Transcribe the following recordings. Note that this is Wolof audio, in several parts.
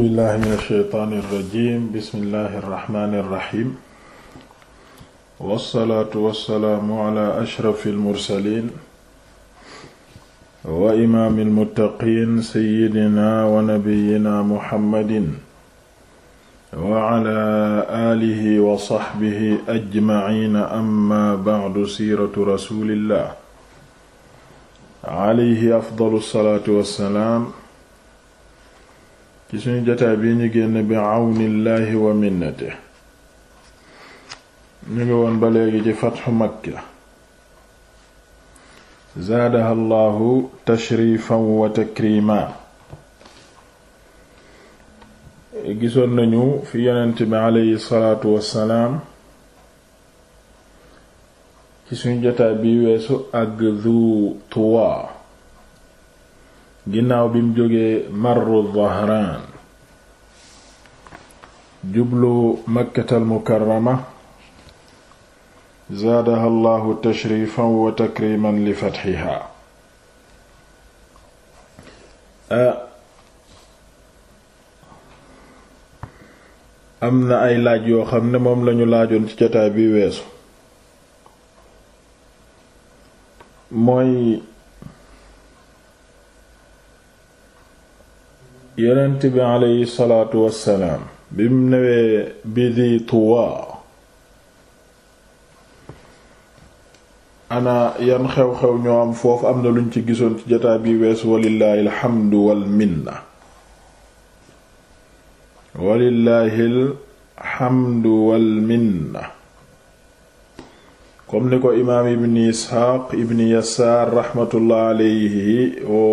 billahi min alsheytaan alrajim bismillahi arrahmani irrahim walsalaatu walsalaamu ala ashrafi almursalin wa imaami almuttaqin seyidina wa nabiyina muhammadin wa ala aalihi wa saxbihi ajmaciina amma bacdu siiratu rasulillah alayhi afdalu alsalaatu wassalaam ci suñu jotaay bi ñu génn bi àwnillaahi wa minnate ñu ngi woon ba léegi ci fatxu makka zaadaha allahu tashrifan wa takrima gisoon nañu fi yonent bi aleyhi salaatu wassalaam ci suñu jotaay bi weesu ak zu ginnaaw bi mu jógee marru dhahraan jublu makkatal mukarrama zaadaha allahu tashrifan wa takriman li fatxiha am na ay laaj yoo xam ne moom lañu laajoon ci jotaay bi weesu mooy yonent bi aleyhi salaatu wassalaam bi mu newee bi di tuwa ana yan xew-xew ñoo am foofu am na luñ ci gisoon ci jotaay bi wees walillaahi alxamdu wal minna walillaahi alxamdu wal minna comme ni ko imaam ibni isxaaq ibni yasaar raxmatullahi aleyhi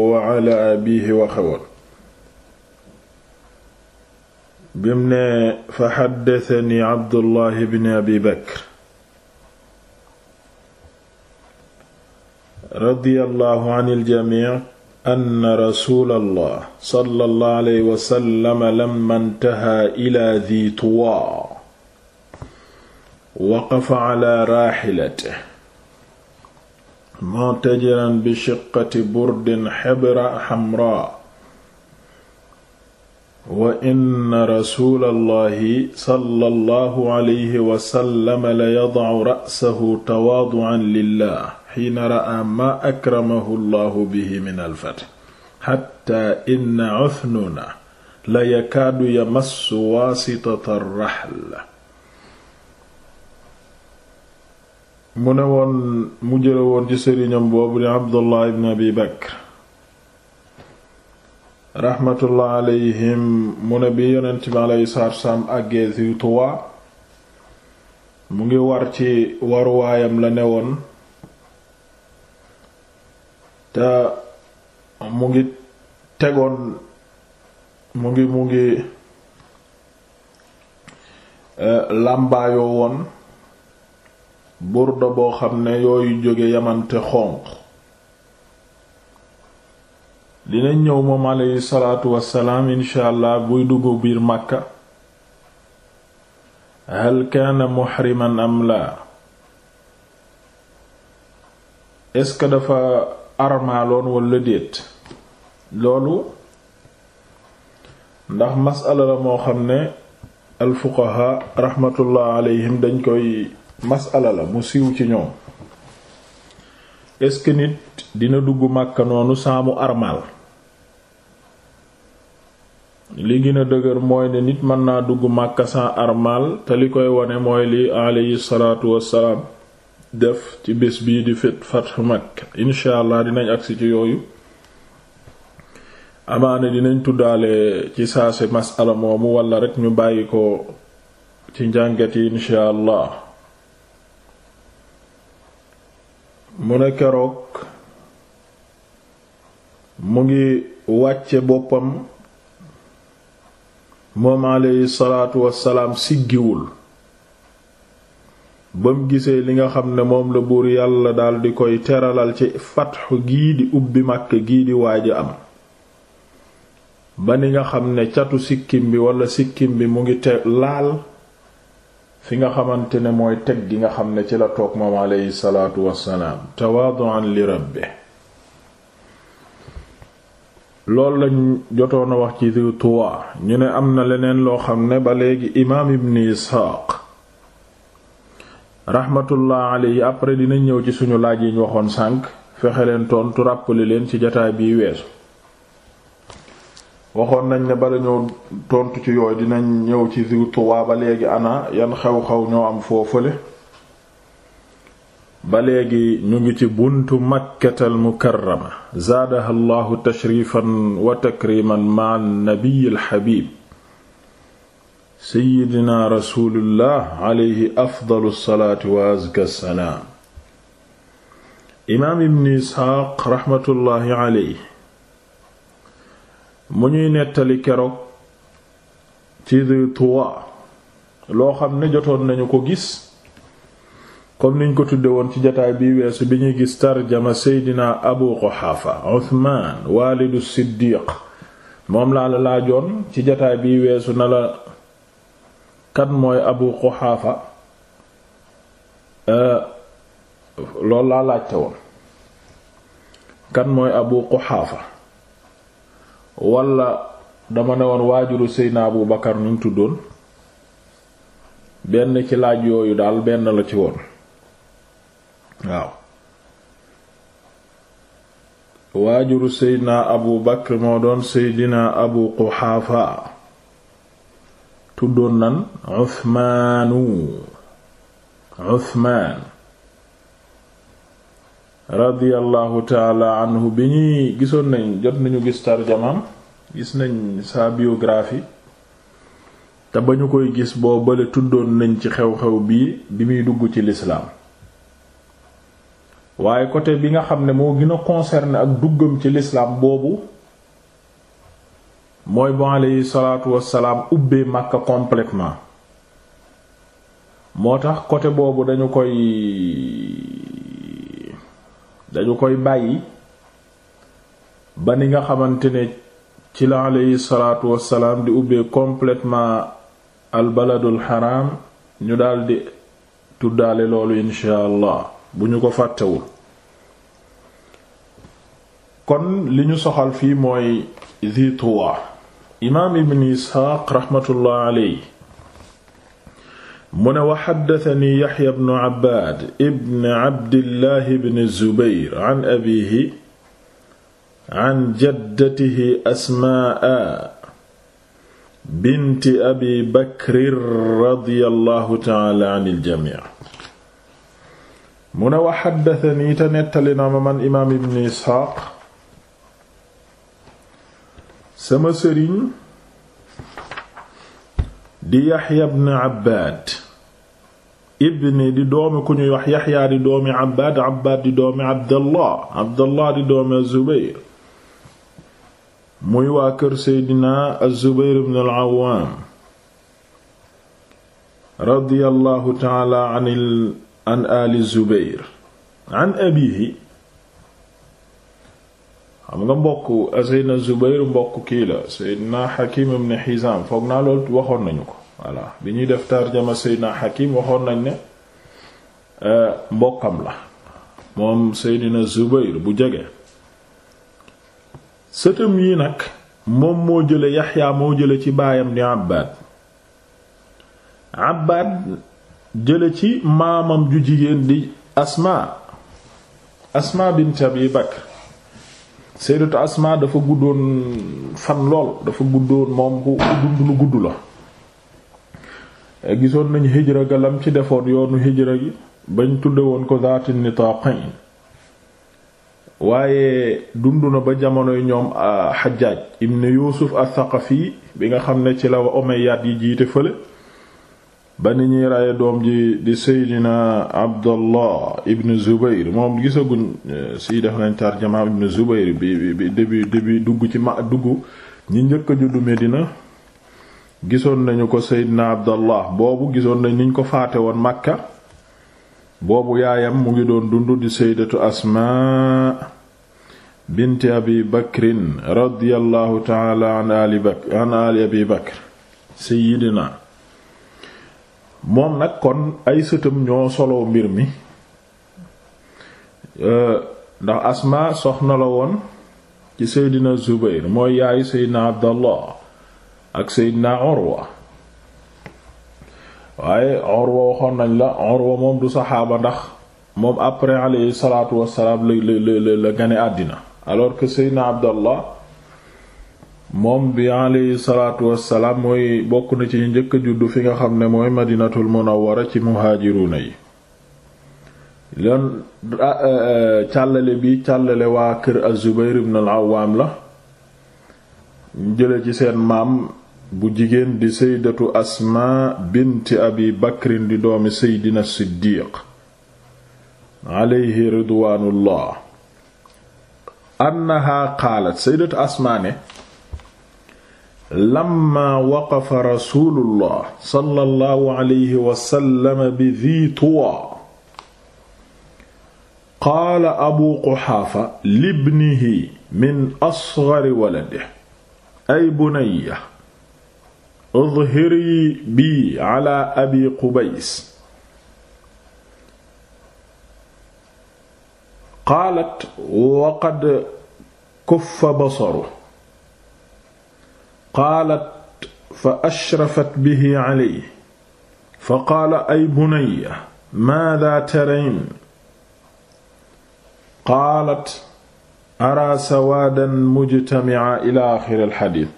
wa ala abihi waxewoon bim ne fa xaddasani Abdullahi bin Abi Bakr radiyallahu anil jamii anna rasuulallah sallallahu alayhi wa sallam lamma intaha ila dhi tuwa waqafa ala raaxilatihi mu'tajiran bi shiqqati burdin xibra xamraa wa inna rasuulallahi sallallahu alayhi wa sallam la yada'u ra'sahu tawaadu'an lillah hiina ra'a maa akramahu allahu bihi min al-fath hatta inna uthnuna la yakaadu yamassu waasitata ar-rahl mu ne woon mu jële woon ci sëriñam boobu di Abdullah ibn Abi Bakr raxmatullah alayhim mu ne bi yonent bi alayhi salaatu wasalaam àggee si Tuwa mu ngi war ci waruwaayam la newoon te mu ngi tegoon mu ngi mu ngi eh, làmbaayoo woon burda boo xam ne yooyu jóge yamante xonq dinañ ñëw moom aleyhi salaatu wassalaam incha allah buy dugg biir màkka hal kaana muhriman am la est-ce que dafa armaaloon walla déet loolu ndax masala la moo xam ne al fuqaha rahmatullah alayhim dañ koy masala la mu siiw ci ñoom est nit dina dugg màkka noonu saamu armaal li gën a dëgër mooy ne nit mën naa dugg Makka sans te li koy wone mooy li aleyhi salaatu wassalaam def ci bis bii di fit Fathu Makka incha allah dinañ agsi ci yooyu amaana dinañ tuddaale ci saase masala moomu wala rekk ñu bàyyi ko ci njàngat yi incha allah mu ne keroog mu ngi wàcce boppam moom aleyhi salaatu wassalaam siggiwul bam gisee li nga xam ne moom la buur yàlla dal di koy teralal ci fatxu gii di ubbi màkk gii di waaja am ba ni nga xam ne catu sikkim bi walla sikkim bi mu ngi te laal fi nga xamante ne mooy teg gi nga xam ne ci la toog moom aleyhi salaatu wassalaam tawaadu'an li bi loolu lañ jotoon a wax ci siw tuwa ñu ne am na leneen loo xam ne ba léegi imaam ibn isxaaq rahmatullah yi après dinañ ñëw ci suñu laaj yi ñu waxoon sànq fexe leen tontu rappali leen ci jataay bii weesu waxoon nañ ne bari ñëw tontu ci yooyu dinañ ñëw ci siw tuwa ba léegi ana yan xew-xew ñoo am foofale ba léegi ñu ngi ci buntu makkatal mukarrama zaadaha allahu tashrifan wa takriman ma nabiy alxabib seyyidina rasulullah alayhi afdalu salaatu wa azka salaam imaam ibn isxaaq raxmatullaahi alayhi mu ñuy nettali keroog ci di tuwa loo xam ne jotoon nañu ko gis comme niñ ko tudde woon ci jataay bi weesu bi ñu gis tarjama seydina abu quxaafa uthman waalidu siddiq moom laa la laajoon ci jataay bi weesu na la kan mooy abu quxaafa euh, loolu laa laajte woon kan mooy abu quxaafa walla dama ne woon waajuru seydina abu bakar nuñ tuddoon benn ci laaj yooyu daal benn la ci woon waaw waajuru seydina abu bakr moo doon seydina abu quxaafa tuddoon nan uthmaanu uthmaan anhu bi ñuy gisoon nañ jot nañu gis tarjamaam gis nañ sa biographie te ba ñu koy gis boo bale tuddoon nañ ci xew-xew bi muy dugg ci lislaam waaye côté bi nga xam ne moo gën a concerné ak duggam ci lislaam boobu mooy bu aleyhi salaatu wassalaam ubbee Makka complètement moo tax côté boobu dañu koy dañu koy bàyyi ba ni nga xamante ne ci la aleyhi salaatu wassalaam di ubbee completement al baladul xaraam ñu daldi tuddaale loolu insha allah bu ñu ko fàttewul kon li ñu soxal fii mooy Dhi Tuwa imaam ibn Isxaaq raxmatullah aley mu ne wa xaddatani Yaxya bnu Abbaad ibn Abdillahi bn Zubayr an abiihi an jaddatihi Asmaa binti Abi Bakr radiyallahu ta'ala anil jamii mu ne wa xaddatani te nettali na ma man imaam ibn isxaaq sama sëriñ di yaxya ibn abbaad ibni di doomi ku ñuy wax yaxya di doomi abbaad abbaad di doomi abdallah abdallah di doomi azubayr ibn al awaam radiyallahu taala anil an ali zubair an abihi xam nga mbokk seydna zubair mbokk kii la seydna hakim ibn hizam foog naa loolu waxoon nañu ko voilà bi ñuy def tarjama seydna hakim waxoon nañ ne euh, mbokkam la moom seydna zubair bu jege sëtam yi nag moom moo jële yaxya moo jële ci baayam di abbad abbad jële ci maamam ju jigéen di asma asma bint abi bakr sayyidatu asma dafa guddoon fan lool dafa guddoon moom ku dund lu gudd la eh, gisoon nañu hijra galam ci defoon yoonu hijra gi bañ tudde woon ko zaati nitaqayn waaye dund na ba jamonoy ñoom xajaaj ah, ibn yuusuf al thaqafi bi nga xam ne ci la wa yi jiite fële ba ni ñuy raye doom ji di seydina abdallah ibn zubayr moom gisaguñ eh, si def nañ tarjama ibn zubayr bi bi début dugg ci ma dugg ñi njëkk a juddu Medina gisoon nañu ko seydina abdallah boobu gisoon nañ niñ ko faate woon Makka boobu yaayam mu ngi doon dund di seydatu asmaa binti abi bakrin radiyallahu taala ali bakr ali abi bakr seydina moom nag kon ay sëtam ñoo solo mbir mi euh, ndax asma soxna la woon ci seydina zubayr mooy yaayu seydina abdallah ak seydina urwa waaye urwa waxoon nañ la urwa moom du saxaaba ndax moom après alayhi salaatu wassalaam la la la la gane àddina alors que seydina abdallah moom bi alayhi salaatu wassalaam mooy bokk na ci njëkk juddu fi nga xam ne mooy madinatul munawwara ci muhaajiruna yi loon càllale bi càllale waa kër az-Zubayr ibn al la jële ci seen maam bu jigéen di saydatu Asmaa bint Abi Bakrin di doomi Seydina Siddiq alayhi ridwaanullah annaha qaalat saydatu Asmaa ne lamma waqafa rasulullah sallallahu alayhi wa sallam bi Dhi Tuwa qaala abu Quhaafa libnihi min asghari waladihi ay bunayya idhiri bi ala abi Qubays qaalat waqad kuffa basaruhu qaalat fa ashrafat bihi alayhi fa qaala ay bunayya maada tarayn qaalat araa sawaadan mujtamia ila axiri alxadiis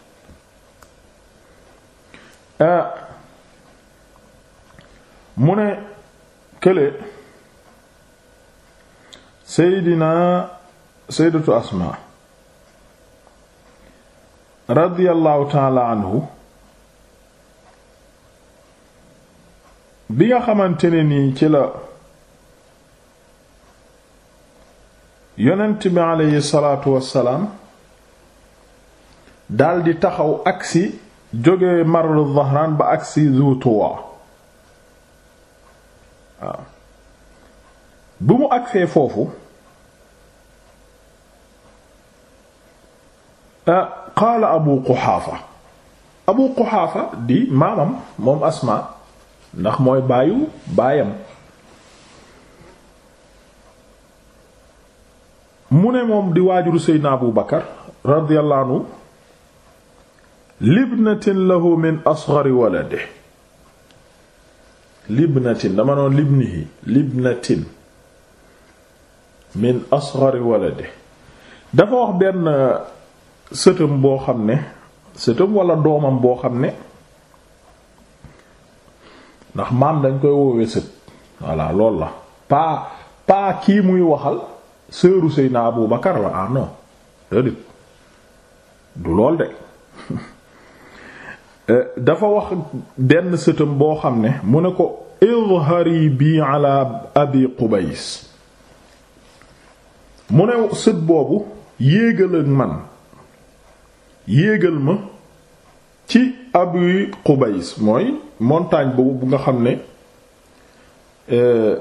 mu ne kële seydinaa seydatu asmaa radiyallahu taala anhu bi nga xamante ne nii ci la yonent bi aleyhi salaatu wassalaam daldi taxaw agsi jóge marru Dhahraan ba agsi zuutuwaa waaw mu agsee foofu ah, qaala abu quxaafa abu quxaafa di maamam moom asma ndax mooy baayu baayam mu ne moom di waajuru seydna abu bakar radiyallahu anhu libnatin lahu min asghari waladihi libnatin dama noon libnihi libnatin min asghari waladihi dafa wax benn sëtam boo xam ne sëtam walla doomam boo xam ne ndax maam dañ koy woowee sët voilà loolu la paa pas kii muy waxal seeru Seydina Abu Bakar la ah non du lool de euh, dafa wax benn sëtam boo xam ne mu ne ko izhari bi ala abi Qubays mu ne sët boobu yéegal ak man yéegal ma ci Abu Qubays mooy montagne boobu bu nga xam ne euh,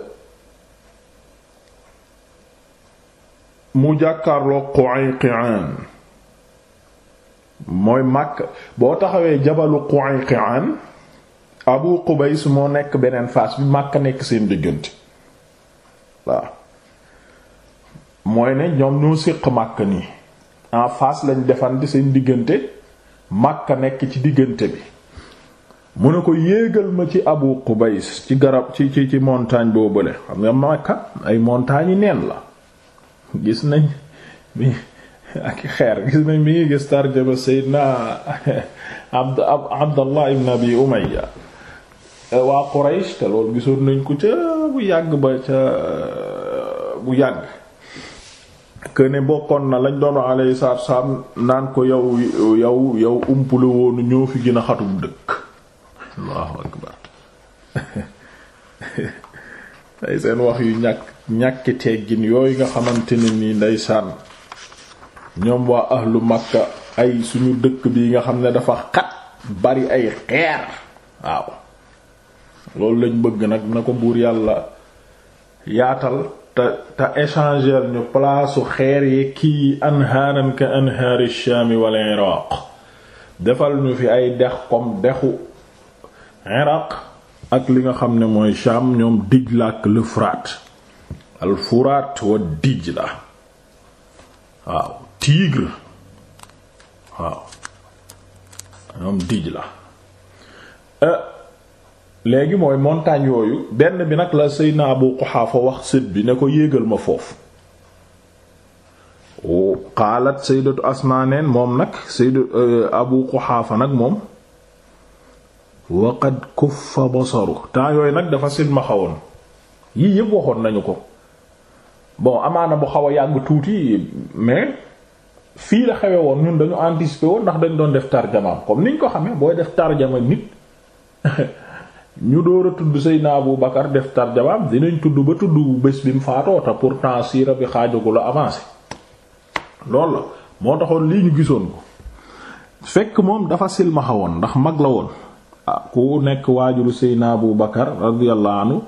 mu jàkkaarloo Qu'ayqi'an mooy Makka boo taxawee jabalu Qu'ayqi'an Abu Qubays moo nekk beneen fas bi màkk nekk seen diggante waaw mooy ne ñoom ñoo séq Makka nii en face lañ defante seen diggante Makka nekk ci diggante bi mu ne ko yéegal ma ci Abu Qubays ci garab ci ci ci montagne boobule xam nga Makka ay montagnes yi neen la gis nañ mi ak xeer gis nañ mi ngi gis tarjaba Seydina Abd Abdallah ibn Abi Umayya waa Quraysh te loolu gisoon nañ ko ca bu yàgg ba ca bu yàgg que bokkoon na lañ doon alayhi salaatu salaam naan ko yow yow yow umpule woonu ñoo fi gën a xatum dëkk allahu akbar ay seen wax yu ñàkk ñàkki teggin yooyu nga xamante ne nii ndeysaan ñoom waa ahlu makka ay suñu dëkk bi nga xam ne dafa xat bari ay xeer waaw loolu lañ bëgg nag na ko buur yàlla yaatal te échanger ñu palaasu xeer yi kii anhaaran ka anhaari shaami wal iraq defal ñu fi ay dex comme dexu iraq ak li nga xam ne mooy shaam ñoom Dijla ak l'Euphrate al Furaat wa Dijla waaw Tigre waaw ñoom Dijla euh, léegi mooy montagne yooyu benn bi nag la sëy na Abu Quhaafa wax sët bi ne ko yéegal ma foofu xaalat saydatu Asmaa neen moom nag saydatu euh, Abu Quhaafa nag moom waqad kuffa basaru temps yooyu nag dafa ma xawoon yii yëpp waxoon nañu ko bon amaana bu xaw a yàgg tuuti mais fii la xewe woon ñun dañu anticiper woon ndax dañu doon def tarjamaam comme niñ ko xamee booy def tarjama nit ñu door a tudd Seydina Abu Bakar def tarjabaam dinañ tudd ba tudd bés bi mu faatoo te pourtant siira bi xaajagu avancé loolu la moo taxoon lii ñu gisoon ko fekk moom dafa silmaxa woon ndax mag la woon ah, ku nekk waajuru Seydina Abu Bakar radiyallahu anhu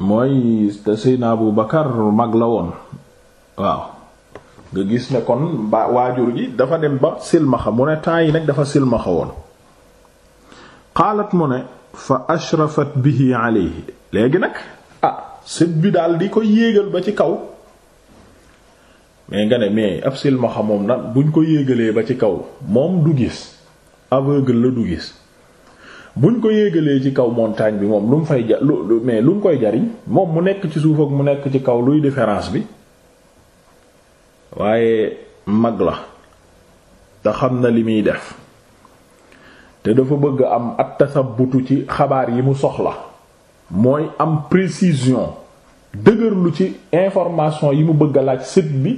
mooy Seydina Abu Bakar mag la woon waaw nga gis ne kon ba waajur ji dafa dem ba silmaxa mu ne temps yi nag dafa silmaxa woon xaalat mu ne fa ashrafat bihi léegi nag a ah, sët bi daal di ko yéegal ba ci kaw mais nga ne mais ab silmaxa moom nag buñ ko yéegalee ba ci kaw moom du gis aveugle la du gis buñ ko yéegalee ci kaw montagne bi moom lu mu fay ja lu mais lu mu koy jariñ moom mu nekk ci suuf ak mu nekk ci kaw luy différence bi waaye mag la te xam na li muy def te dafa bëgg am at tasabbutu ci xabaar yi mu soxla mooy am précision dëgërlu ci information yi mu bëgg laaj sët bi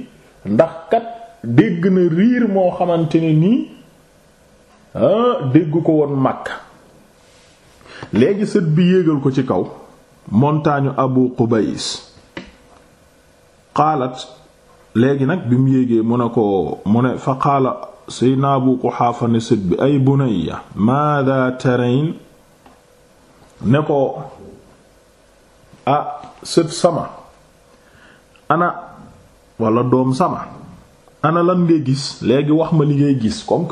ndax kat dégg na riir moo xamante ne nii ah, dégg ko woon mag léegi sët bi yéegal ko ci kaw montagne Abu Qubays qaalat léegi nag bi mu yéegee mu ne ko mu ne fa qaala seydna abu quxaafa ne sët bi ay bunayya maada terain ne ko ah sët sama ana walla doom sama ana lan ngay gis léegi wax ma li ngay gis comme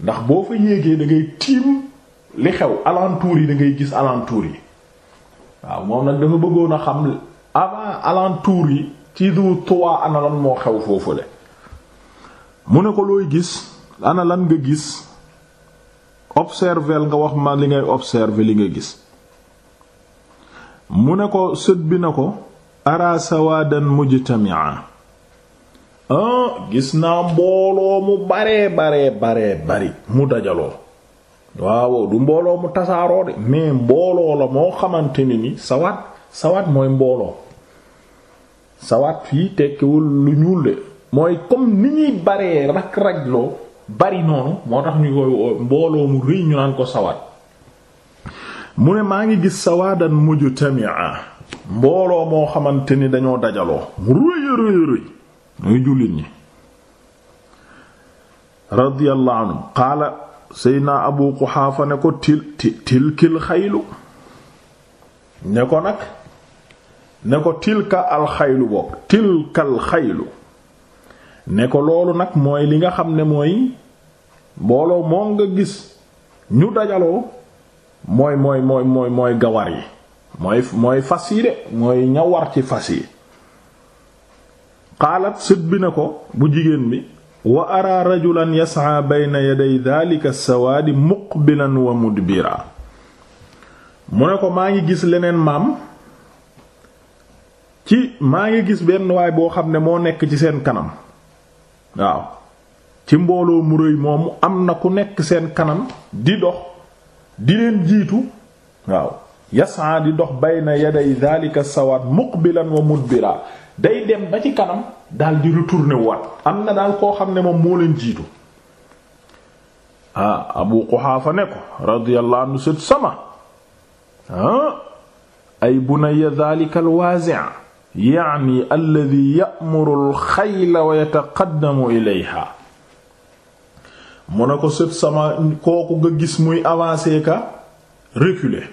ndax boo fa yéegee da tiim li xew alentour yi da ngay gis alentour yi waaw moom nag dafa bëggoon a xam avant alentour yi ci du trois ana lan moo xew foofule mu ne ko looy gis ana lan nga gis observel nga wax ma li ngay observer li nga gis mu ne ko sët bi na ko ara sawaadan mujtami'a ah gis naa mbooloo mu bare bare baree bari mu dajaloo waaw du mbooloo mu tasaaroo de mais mbooloo la moo xamante ni ni sawaat sawaat mooy mbooloo sawaat fii tekkiwul lu ñuul de mooy comme ni ñuy baree rak rajloo bari noonu moo tax ñu koy mbooloo mu rëy ñu naan ko sawaat mu ne maa ngi gis sawaadan mujtami'a mbooloo moo xamante ni dañoo dajaloo mu rëy a rëy rëy ñuy jullit ñi radiyallahu anhu qaala seydna abu quxaafa ne ko til tilkil xaylu ne ko nag ne ko tilka alxaylu bokk tilkal xaylu ne ko loolu nag mooy li nga xam ne mooy mbooloo moo nga gis ñu dajaloo mooy mooy mooy mooy mooy gawar yi mooy mooy fas yi de mooy ñawar ci fas yi xaalat sët bi na ko bu jigéen bi wa ara rajulan yas'a bayna yaday dhalika sawaadi muqbilan wa mudbira mu ne ko maa ngi gis leneen maam ci maa ngi gis benn waay boo xam ne moo nekk ci seen kanam waaw ci mbooloo mu rëy moomu am na ku nekk seen kanam di dox di leen jiitu waaw yasaa di dox bayna yaday dhalika sawaat muqbilan wa mudbira day dem ba ci kanam dal di retourner waat am na daal koo xam ne moom moo leen jiitu ah Abu Quhaafa ne ko radiyallahu anhu sët sama ah ay bunayya dhalika al wazi' yaani alladi ya'muru alxayla wa yataqaddamu ilayha mu ne ko sët sama kooku nga gis muy avancer ka reculer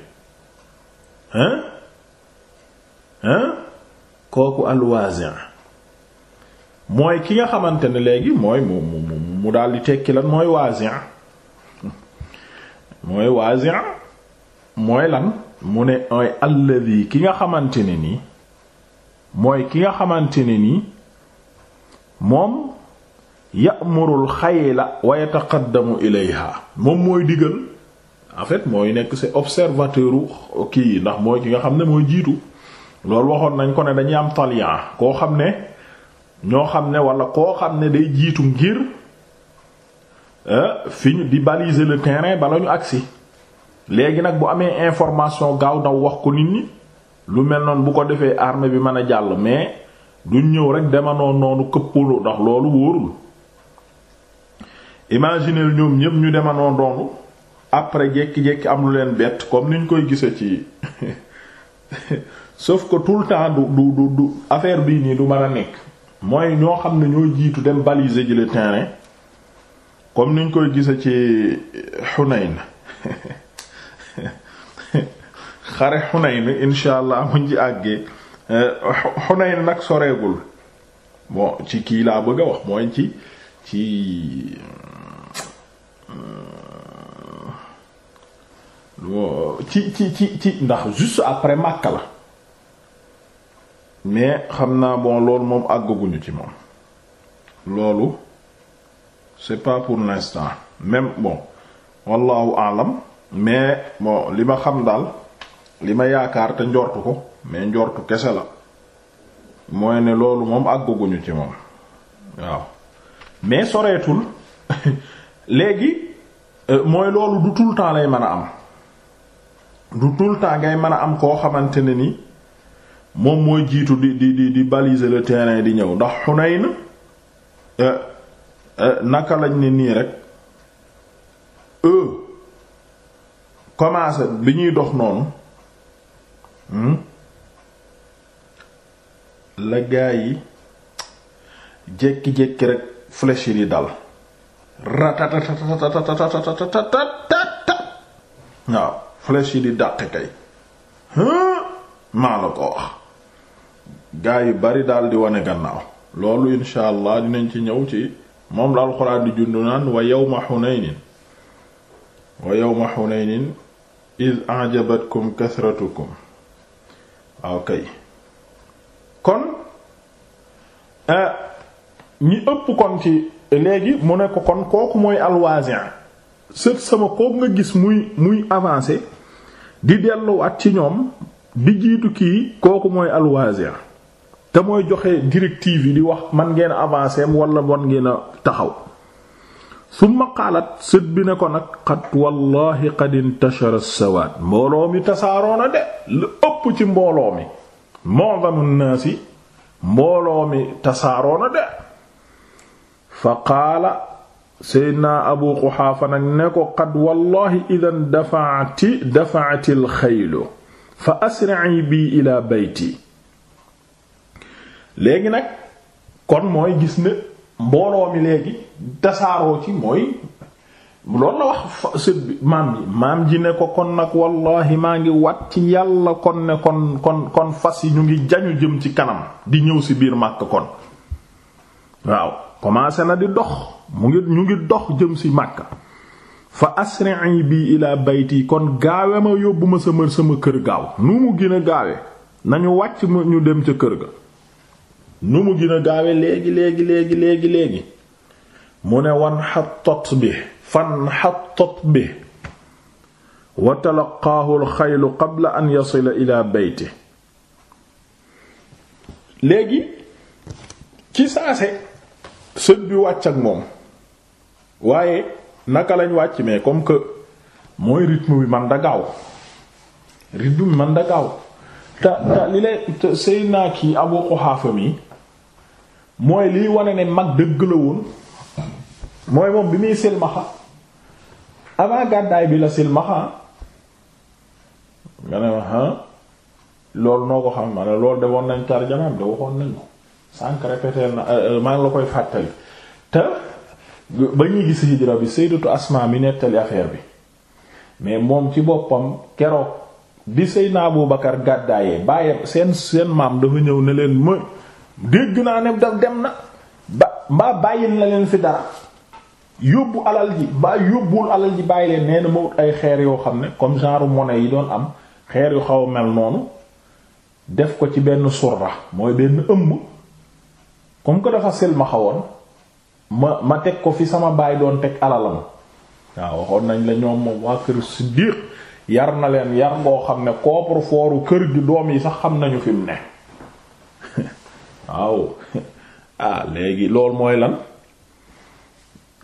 hein hein kooku alwazin mooy ki nga xamante ne léegi mooy mu mu mu daal di tekki lan mooy waasin mooy wazin mooy lan mu ne mooy ki nga xamante ne nii mooy ki nga xamante ne nii moom ya ya'murul xayla wa yataqaddamu ilayha moom mooy digal en fait mooy nekk c'est observateur u kii ndax mooy ki nga xam ne mooy jiitu loolu waxoon nañ ko ne dañuy am talian koo xam ne ñoo xam ne wala koo xam ne day jiitu ngir euh, fi ñu di baliser le terrain bala ñu agsi léegi nag bu amee information gaaw daw wax ko nit ñi lu mel noonu bu ko defee armée bi mën a jàll mais du ñëw rek demanoon noonu këppalu ndax loolu wóorul imagineel ñoom ñépp ñu demanoon noonu après jékki-jékki am lu leen bett comme niñ koy gise ci sof ko tout le temps du du du du affaire bii nii du man a nekk mooy ñoo xam ne ñoo jiitu dem baliser jële le terrain comme niñ koy gise ci Hunayn xare Xunayn insha allah muñ ci àggee Xunayn eh, nag soreegul bon ci kii laa bëgg a wax mooy ci ci euh, ci ci ci ci ndax juste après Makka la mais xam naa bon loolu moom àggaguñu ci moom loolu c'est pas pour l'instant même bon wallahu alam mais bon li ma xam daal li ma yaakaar te njortu ko mais njortu kese la mooy ne loolu moom àgguguñu ci moom waaw mais soreetul léegi euh, mooy loolu du tout le temps lay mën a am du tout le ngay mën a am koo xamante ne ni moom mooy jiitu di di di di baliser le terrain di ñëw ndax na euh, euh, naka lañ ne nii rek e commencé bi ñuy dox noonu Hmm? la gaa yi jékki-jékki rek flèche yi dal ratatatatatatatatatatat waaw flèche yi di dàq kay maa la ko wax gaa yu bari daal di wane gannaaw loolu insha allah dinañ ci ñëw ci moom la alxuraan di jundu naan wa yawma xunaynin wa yawma xunaynin id a'jabatkum kasratukum waaw kay kon euh, ñi ëpp kon ci léegi mu ne ko kon kooku mooy alwasin sët sama kook nga gis muy muy avancé di delluwaat ci ñoom di jiitu kii kooku mooy alwasin te mooy joxe directive yi di wax man ngeen avancé am wala man ngeen a taxaw summa qaalat sët bi ne ko nag qad wallahi qad intashara as-sawaad mbooloo mi tasaaroona de lu ëpp ci mbooloo mi mu'zamu naasi mbooloo mi tasaaroona de fa qaala seydna abu quxaafa nag ne ko qad wallahi idan dafa'ati dafa'ati al-xaylu fa asri'i bi ila bayti léegi nag kon mooy gis ne mbooloo mi léegi tasaaroo ci mooy loolu la wax sët bi maam ji maam ji ne ko kon nag wallahi maa ngi wat ci yàlla kon ne kon kon kon fas yi ñu ngi jañu jëm ci kanam di ñëw si biir màkk kon waaw commencé na di dox mu ngi ñu ngi dox jëm si màkk fa asri'i bi ila bayti kon gaawe ma yóbbu ma sama sama kër gaaw nu mu gën a gaawe nañu wàcc ñu dem ca kër ga nu mu gën a gaawe léegi léegi léegi léegi léegi mu ne wan xattat bi fan xattat bi wa talaqaahu alxaylu qabla an yasila ila beyti léegi ci saase sët bi wàcc ak moom waaye naka lañu wàcc me comme que mooy rythme bi man da gaaw rythme bi man da gaaw te te li lay Seydina kii Abu Quhaafa mi mooy liy wane ne mag dëgg la woon mooy moom bi muy silmaxa avant gàddaay bi la silmaxa nga ne ma loolu noo ko xam ma ne loolu de woon nañ tarjamaam de waxoon nañ ko sànq na euh, euh, maa ngi la koy fàttali te ba ñuy gis hijra bi sayyidatu Asma mi nettali affaire bi mais moom ci boppam keroog bi Seydina Abu Bakar gàddaayee bàyyi seen seen maam dafa ñëw ne leen më dégg naa ne daf dem na ba mbaa bàyyil na leen fi dara yóbbu alal ji mbaa yóbbuwul alal ji bàyyi leen nee ma wut ay xeer yoo xam ne comme genre monnaie yi doon am xeer yu xaw a mel noonu def ko ci benn surra mooy benn ëmb comme que dafa sel ma xawoon ma ma teg ko fi sama baay doon teg alalam waaw waxoon nañ la ñoom moom waa kër Siddiq yar na leen yar ngoo xam ne koopar fooru kër gi doom yi sax xam nañu fi mu ne waaw ah léegi loolu mooy lan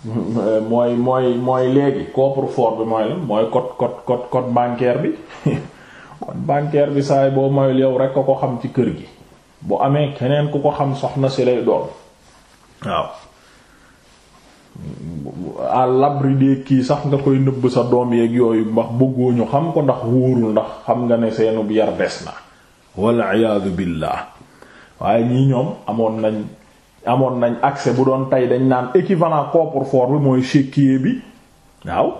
mooy mooy mooy léegi coffre-fort bi mooy lan mooy code code code code bi code bancaire bi saay boo moyul yow rek a ko xam ci kër gi bu amee keneen ku ko xam soxna si lay doom waaw à l'abri des kii sax nga koy nëbb sa doom yeeg yooyu ndax bëggoo ñu xam ko ndax wóorul ndax xam nga ne seenu yar des na wal iyaadu billah waaye ñii ñoom amoon nañ amoon nañ accès bu doon tey dañ naan équivalent coffre-fort bi mooy chéquier bi waaw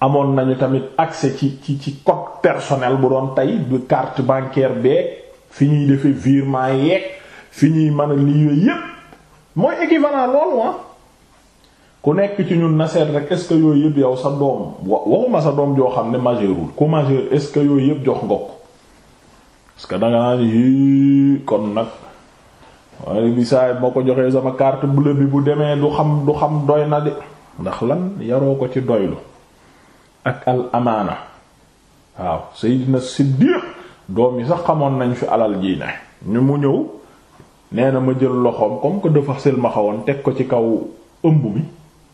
amoon nañu tamit accès ci ci ci code personnel bu doon tey du carte bancaire beeg fi ñuy defee virement yeeg fi ñuy mën a lii yépp mooy équivalent loolu ah ku nekk ci ñun na seet rek est-ce que yépp yow sa doom waxuma sa doom joo xam ne majeurul ku majeur est-ce que yooyu yépp jox nga parce que da nga naan yii kon nag waaye ko joxee sama kart bleue bi bu demee du xam du xam doy na de ndax lan yaroo ko ci doylu ak al amaana waaw Seydina Siddiq doom yi sax xamoon nañ fi alal ji ne ñu mu ñëw nee na ma jël loxoom comme que dafa ma xawoon teg ko ci kaw ëmb bi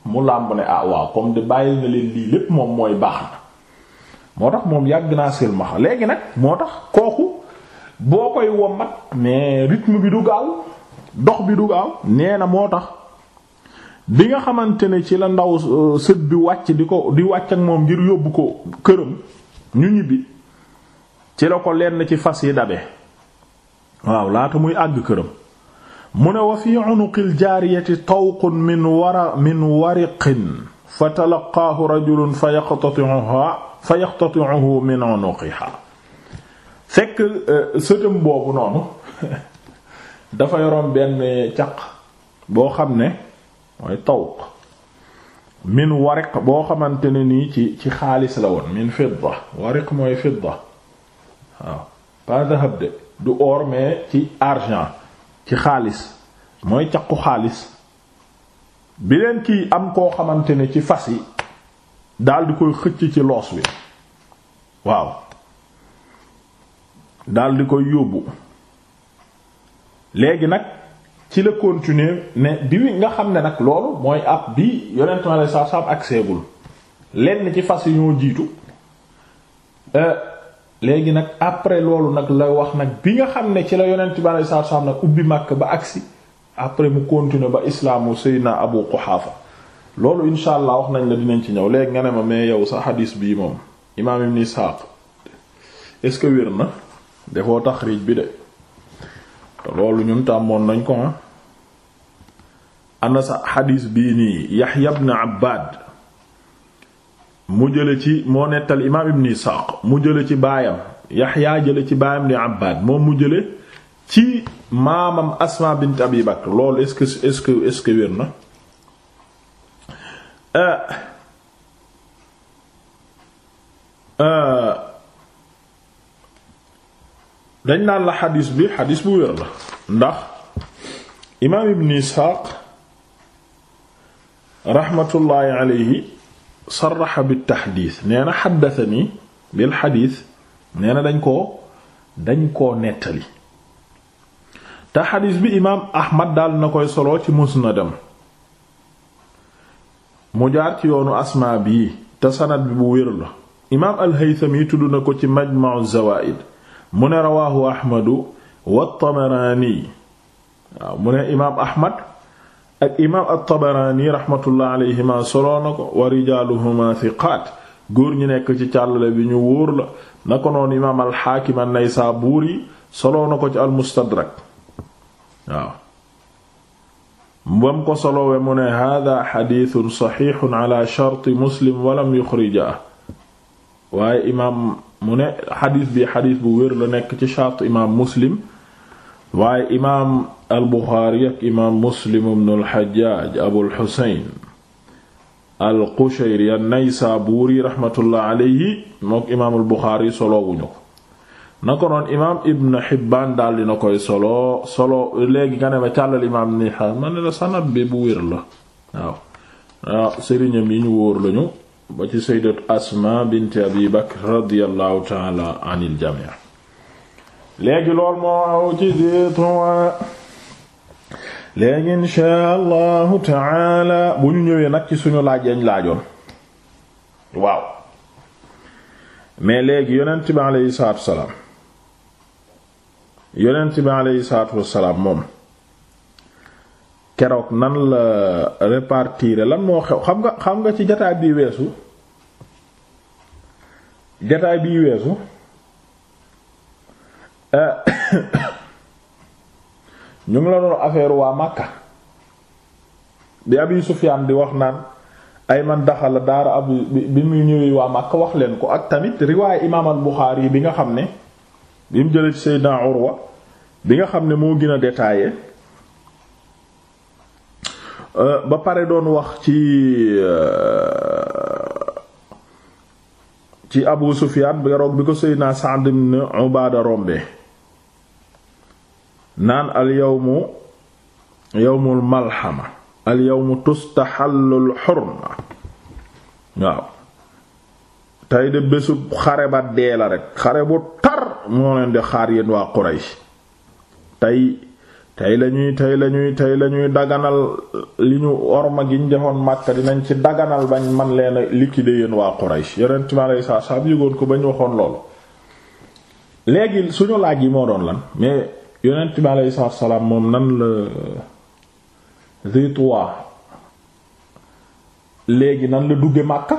mu làmb ne ah waaw comme de bàyyi nga leen lii lépp moom mooy baax na moo tax moom yàgg naa silmaxa léegi nag moo tax kooku boo koy wommat mais ritm bi du gaaw dox bi du gaaw nee na moo tax bi nga xamante ne ci la ndaw euh, sët bi wàcc di ko di wàcc ak moom ngir yóbbu ko këram ñu ñibbi ci la ko lenn ci fas yi dabe waaw laata muy àgg këram mu ne wa fi unuqil jaariyati tawqun min wara min wariqin fa talaqaahu rajulun fa yaqtati'uha fa yaqtati'uhu min unuqiha fekk euh, sëtëm boobu noonu dafa yoroon benn caq boo xam ne mooy tawq min wariq boo xamante ne nii ci ci xaalis la woon min fidda wariq mooy fidda waaw pas dahab de du or mais ci argent ci xaalis mooy caqu xaalis bi leen kii am koo xamante ne ci fas yi daal di koy xëcc ci loos wi waaw di koy yóbbu léegi nag ci la continuer ne bi nga xam ne nag loolu mooy ab bi yonent ma lay saab saab ak seegul lenn ci fas yi ñoo jiitu euh, léegi nag après loolu nag la wax nag bi nga xam ne ci la yonent ma lay saab saab nag ubbi Makka ba agsi après mu continuer ba islaamu Seydina Abu Quhafa loolu insha allah wax nañ la dinañ ci ñëw léegi nga ne ma mais yow sa xadiis bii moom imaam Ibn Ishaq est-ce que wér na defoo taxriij bi de te loolu ñun tàmmoon nañ ko ah ana sa xadiis bii nii Yaxya ibn Abbaad mu jële ci moo nettal imaam ibn Isaaq mu jële ci baayam Yaxya jële ci baayam ni Abbaad moom mu jële ci maamam Asma bint Abi Bakr loolu est-ce que na euh, euh, dañ naan la xadis bi xadis bu wér la ndax imaam ibn isxaaq raxmatullaahi alayhi saraxa bi taxdiis nee na bil xadis nee dañ koo dañ koo nettali te xadiis bi imaam ahmad daal na koy solo ci musnadam mu jaar ci yoonu asmaa bii te sanad bi bu wér la imaam alhaytami tudd na ko ci majmau zawaid mu ne rawaahu wa tabaraani waaw mu ne imaam ahmad ak tabaraani raxmatullah alayhima na ko wa rijaaluhuma thiqaat góor ñi ci càllale bi ñu wóor la na ko noonu imaam al-xaakim an-naysaabuuri soloo na ko ci al-mustadrak waaw ko solowee mu ne hada xadiisun ala sharti muslim walam yuxrijaa waaye imaam mu ne xadiis bi xadiis bu wér la nekk ci charte imaam muslim waaye imaam al buxaari ak imaam muslim ibn al xajjaaj abul xuseyn al qushayri an naysaabuuri raxmatullah imaam al buxaari solowuñu ko na ko koy solo solo léegi nga ne ma càllal imaam ni xaar ma la sanad bi bu wér la sëriñam yi ñu wóor lañu ba ci sayyidat asma bint abi bakr radiyallahu taala anil jamii léegi lool moo aw ci détoa léegi inshaa allahu taala bu ñu ñëwee nag ci suñu laaj yañ laajoon waaw mais léegi yonent bi aleyhi salaatu wasalaam yonent bi aleyhi salaatu wasalaam moom keroog nan la répartir lan moo xew xam nga xam nga ci jataay bii weesu jataay bii weesu ñu ngi la doon affaire waa Makka bi Abi Sufyaan di wax naan ay man daxala daara abu bi mu ñëwee waa Makka wax leen ko ak tamit riwaaye imaam al-Buxaari bi nga xam ne bi mu jëlee ci Seydina Urwa bi nga xam ne moo gën a détaillé Euh, ba pare doon wax ci euh, ci Abu Sufyan bi roog bi ko Seydina Sa'd ibn Ubaada rombe naan al yawmu yawmul malhama al yawmu tustaxallul xurma waaw tey de bésub xare ba dee la rek xare bu tar moo leen di xaar yéen waa Quraysh tey tey lañuy tey lañuy tey lañuy daganal li ñu orma gi ñu defoon Makka dinañ ci daganal bañ man leen a liquider yéen waa Quraysh yeneen time alay saa saab yëgoon ko ba ñu waxoon loolu léegi suñu laaj yi moo doon lan mais yonent bi aleyhi salaatu salaam moom nan la Zituwa euh, léegi nan la dugge Makka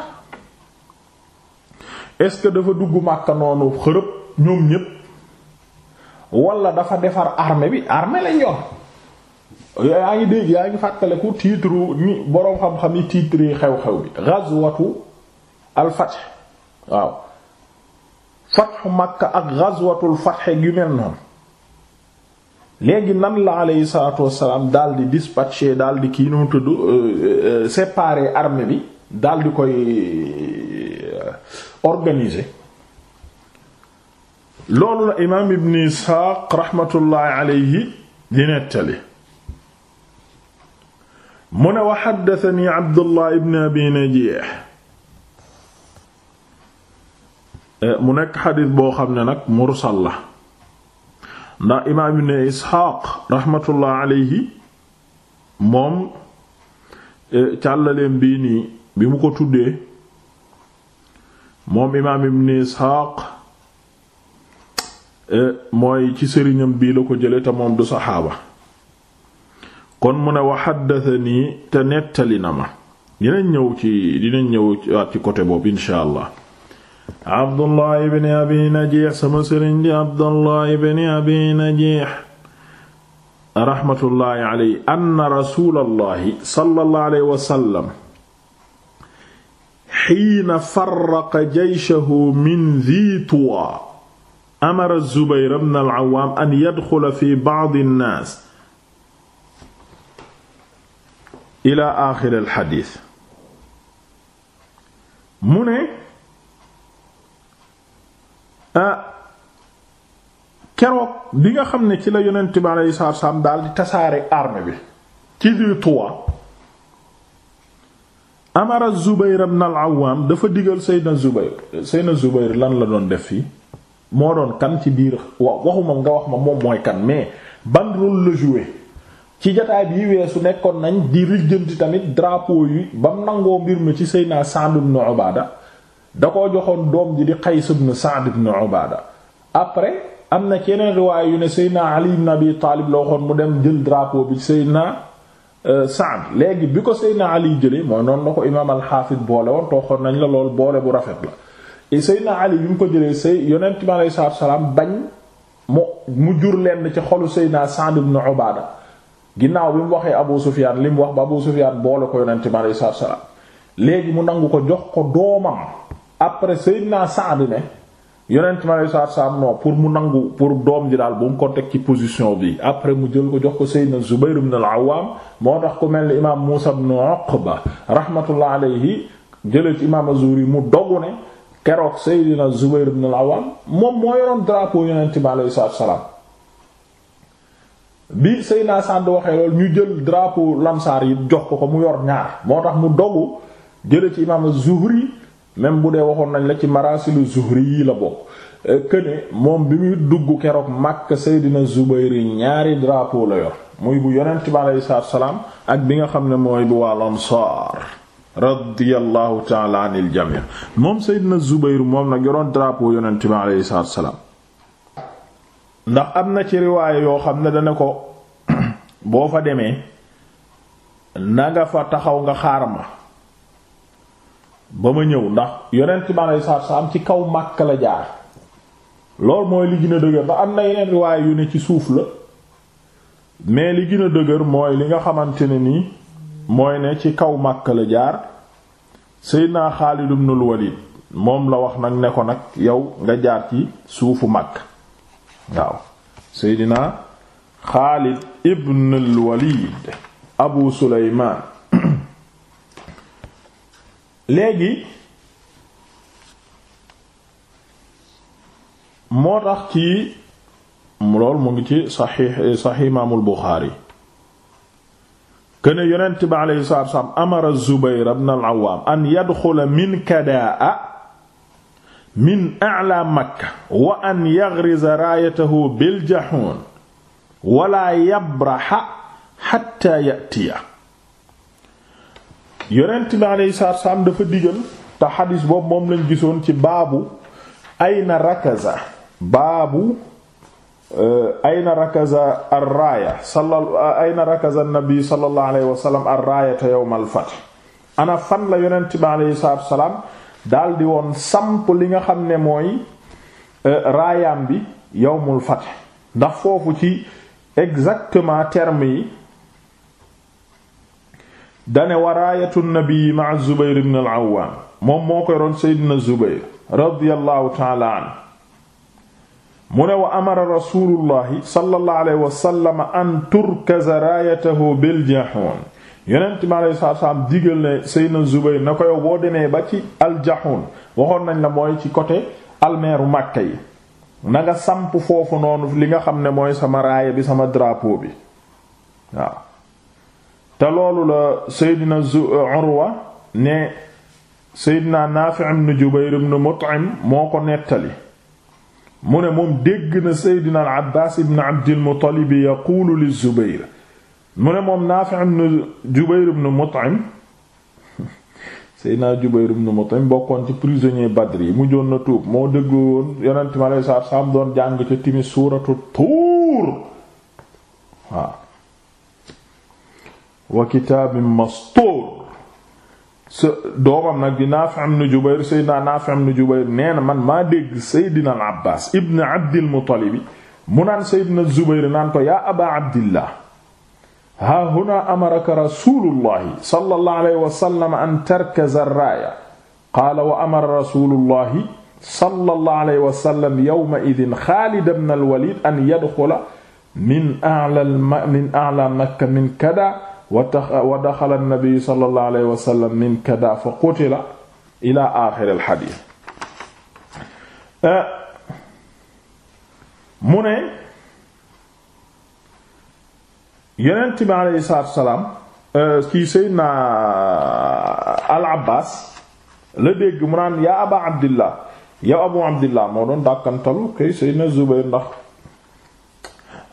est-ce que dafa dugg Makka noonu xërëb ñoom ñépp wala dafa defar armée bi armée lañ yor yaa ngi dégg yaa ngi fàttaleku titre ni boroom xam-xam yi titre xew-xew bi ghazwatu al-fath waaw fathu Makka ak ghazwatul fath yu mel noonu léegi nan la aleyhi salaatu wassalaam daal di dispatché daal di kii noo tudd euh, euh, séparer armée bi daal di koy euh, organiser loolu la imaam ibn isxaaq raxmatullaahi aleyhi di nettali mu ne wa xaddatani abdullah ibn abi najiix mu nekk xadis boo xam ne nag mursal la ndax imaam ibn isxaaq raxmatullaahi aleyhi moom e, càllaleen bii nii bi mu ko tuddee moom imaam ibn isxaaq Eh, mooy ci sëriñam bii la ko jële te moom du saxaaba kon mu ne wa xaddatani te nettali na ma dinañ ñëw ci dinañ ñëw waat ci côté boobu insha allah abdullah ibn abi najiix sama sëriñ di abdullah ibn abi najiix raxmatullaahi alayhi anna rasuulallahi sallallaahu alayhi wasallam xiina farraqa jeyshahu min zi tuwaa amara Zubayr ibn al-Awwam an yadxula fi ba'd an ila aaxir al-xadiis mu ne ah keroog bi nga xam ne ci la yonent bi daal tasaare arme bi ci di Tuwa amara Zubayr ibn al-Awwam dafa digal Seydina Zubayr Seydina Zubayr lan la doon def fii moo doon kan ci biir waaw waxuma nga wax ma moom mooy kan mais ban rôle ci jotaay bi weesu nekkoon nañ di rijjanti tamit drapeau yi bam nangoo mbir mi ci Seydina Sa'd ibn Ubaada da koo joxoon doom ji di Qays ibn Sa'd ibn Ubaada après am na ci yeneen riwaay yu ne Seydina Ali ibn Abi Taalib la waxoon mu dem jël drapeau bi Seydina euh, Sa'd léegi bi ko Seydina Ali jëlee mooy noonu la ko imaam al-Haafid boole woon tooxoon nañ la lool boole bu rafet la Seydina Ali bi mu ko jëlee sëy yonent bi aleyhi salaatu salaam mu mu jur lenn ci xolu Seydina Sa'd ibn Ubaada ginnaaw bi mu waxee Abu Sufyaan li mu wax ba Abu Sufyaan boole ko yonent bi aleyhi salaatu salaam léegi mu nangu ko jox ko doomam après Seydina Sa'd ne yonent bi aleyhi salaatu salaam non pour mu nangu pour doom ji daal bu mu ko teg ci position bi après mu jël ko jox ko Seydina Zubayr ibn al-Awwaam moo tax ko mel ni imaam Muusaa ibn Uqba rahmatullah aleyhi jëlee ci imaam az mu dogu keroog Seydina Zubayr ibn al-Awwam moom moo yoroon drapeau yonent bi alayhi salaatu wa salaam bi Seydina Sa'd waxee loolu ñu jël drapo lamsaar yi jox ko ko mu yor ñaar moo tax mu dogu jële ci imaam Zuhri même bu dee waxoon nañ la ci marasilu Zuhri yi la bokk këne euh, moom bi muy dugg keroog Makka Seydina Zubayr ñaari drapo la yor muy bu yonent bi alayhi salaatu wa salaam ak bi nga xam ne mooy bu wàll Ansaar radiyallahu taala anil jami moom Seydina Zubayr moom nag yoroon drapeau yonent bi aleyhi salaatu ndax am na ci riwaaya yoo xam ne dana ko boo fa demee na nga fa taxaw nga xaar ma ba ma ñëw ndax yonent bi aleyhi salaatu salaam ci kaw Makka la jaar loolu mooy li gën a dëgër ba am na yeneen riwaaya yu ne ci suuf la mais li gën a dëgër mooy li nga xamante ne nii mooy ne ci kaw Makka la jaar Seydina Xaalid ibnul Walid moom la wax nag ne ko nag yow nga jaar ci suufu Makka waaw Seydina Xaalid ibnul Walid Abu Suleymaan léegi moo tax ci lool mu ngi ci saxiix saxiix Buxaari këne yonent bi alayhi salaatu wassalaam al-Awwaam an yadxula min kadaa min a'laa Makka wa an yaghriza raayatahu bil jahuun wala yabraha hatta ya'tiya yonent bi alayhi dafa digal te xadiis boobu moom lañ gisoon ci baabu ayna rakaza baabu Euh, ayna rakaza arraaya sala euh, ayna rakaza annabi sallallahu alayhi wa sallam arraayata yawm al-fath ana fan la yonent bi alayhi salaatu wa salaam daldi woon samp li nga xam ne mooy euh, raayaam bi yawmul fath ndax foofu ci exactement terme yi dane wa raayatu nnabii ma'a Zubayr ibn al moom moo koy roon Seydina Zubayr radiyallahu ta'ala anhu mu ne wa amara rasulullahi sallallahu alayhi wa sallam an turkaza raayatahu bil jaxoon yonent mi alayhi salaatu salaam digal ne Seydina Zubayr na ko yow ba ci aljaxoon waxoon nañ la mooy ci côté almeeru Makka yi na nga samp foofu noonu li nga xam ne mooy sama raaya bi sama drapo bi waaw te loolu la Seydina uh, Urwa ne Seydina Naafi' ibn Jubayr ibn Mut'im moo ko nettali mu ne moom dégg na seydina al abbaas ibn abdil muttalib yaquulu li zubayr mu ne moom naafi ibn jubayr ibn mut'im seydina jubayr ibn mut'im bokkoon ci prisonnier badr yi mu joon na tuub moo dégg woon yonent mi alayhi salaatu salaam doon jàng ca timis suuratu tuur waaw wa kitaabin mastuur sa doomam nag di Naafi ibn Jubayr Seydina Naafi ibn Jubayr nee na man maa dégg Seydina al Abbaas ibn Abdil Muttalibi mu naan Seydina Zubayr naan ko yaa Abaa Abdillah haa huna amaraka rasuulullahi sallallahu alayhi wa sallam an tarkaza raaya qaala wa amara rasuulullahi sallallahu alayhi wa sallam yawma idin Xaalid ibn al Waliid an yadxula min a'la min a'la Makka min kada wa daxala an-nabi sallallahu alayhi wa sallam min kada fa qutila ila aaxir al-xadiis mu ne yonent bi alayhi salaam kii euh, Seydina al-Abbaas la dégg mu naan yaa Abaa Abdillah yow Abu Abdillah moo doon dàkkantalu kay Seydina Zubayr ndax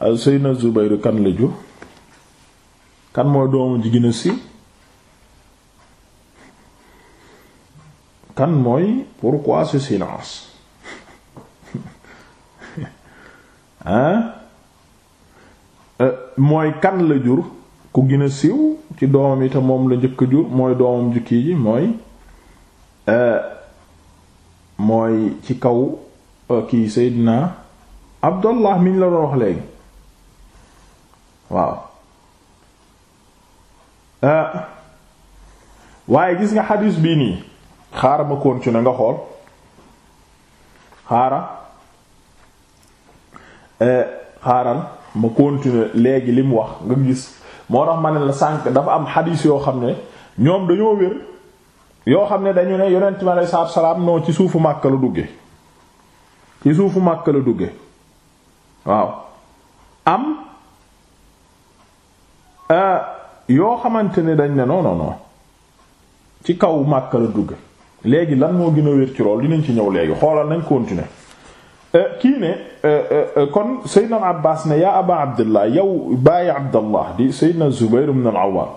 euh, Seydina Zubayr kan la ju kan mooy doomu ji gën a siiw kan mooy pourquoi ce silence euh, mooy kan la jur ku gën a siiw ci doomam yi te moom la njëkk jur mooy doomam jukki ji mooy euh, mooy ci kaw euh, kii Seydina mi miñ la doon wax léegi waaw Ah. waaye gis nga xadiis bii nii xaaral ma continuer nga xool xaaral eh, xaaral ma continuer léegi li mu wax nga gis moo tax ma ne la sànq dafa am xadiis yoo xam ne ñoom dañoo wér yoo xam ne dañu ne yonent mi aleyhi salaatu salaam noo ci suufu Makka la dugge ci suufu Makka la dugge waaw am. Eh, yoo xamante ne dañ ne non ci kaw Makka la dugg léegi lan moo gën a wér ci lool dinañ ci ñëw léegi xoolal nañ continuer euh, kii ne euh, euh, kon Seydina Abbas ne yaa Aba Abdullah yow bàyyi Abdallah di Seydina Zubayr ibn al-Awwam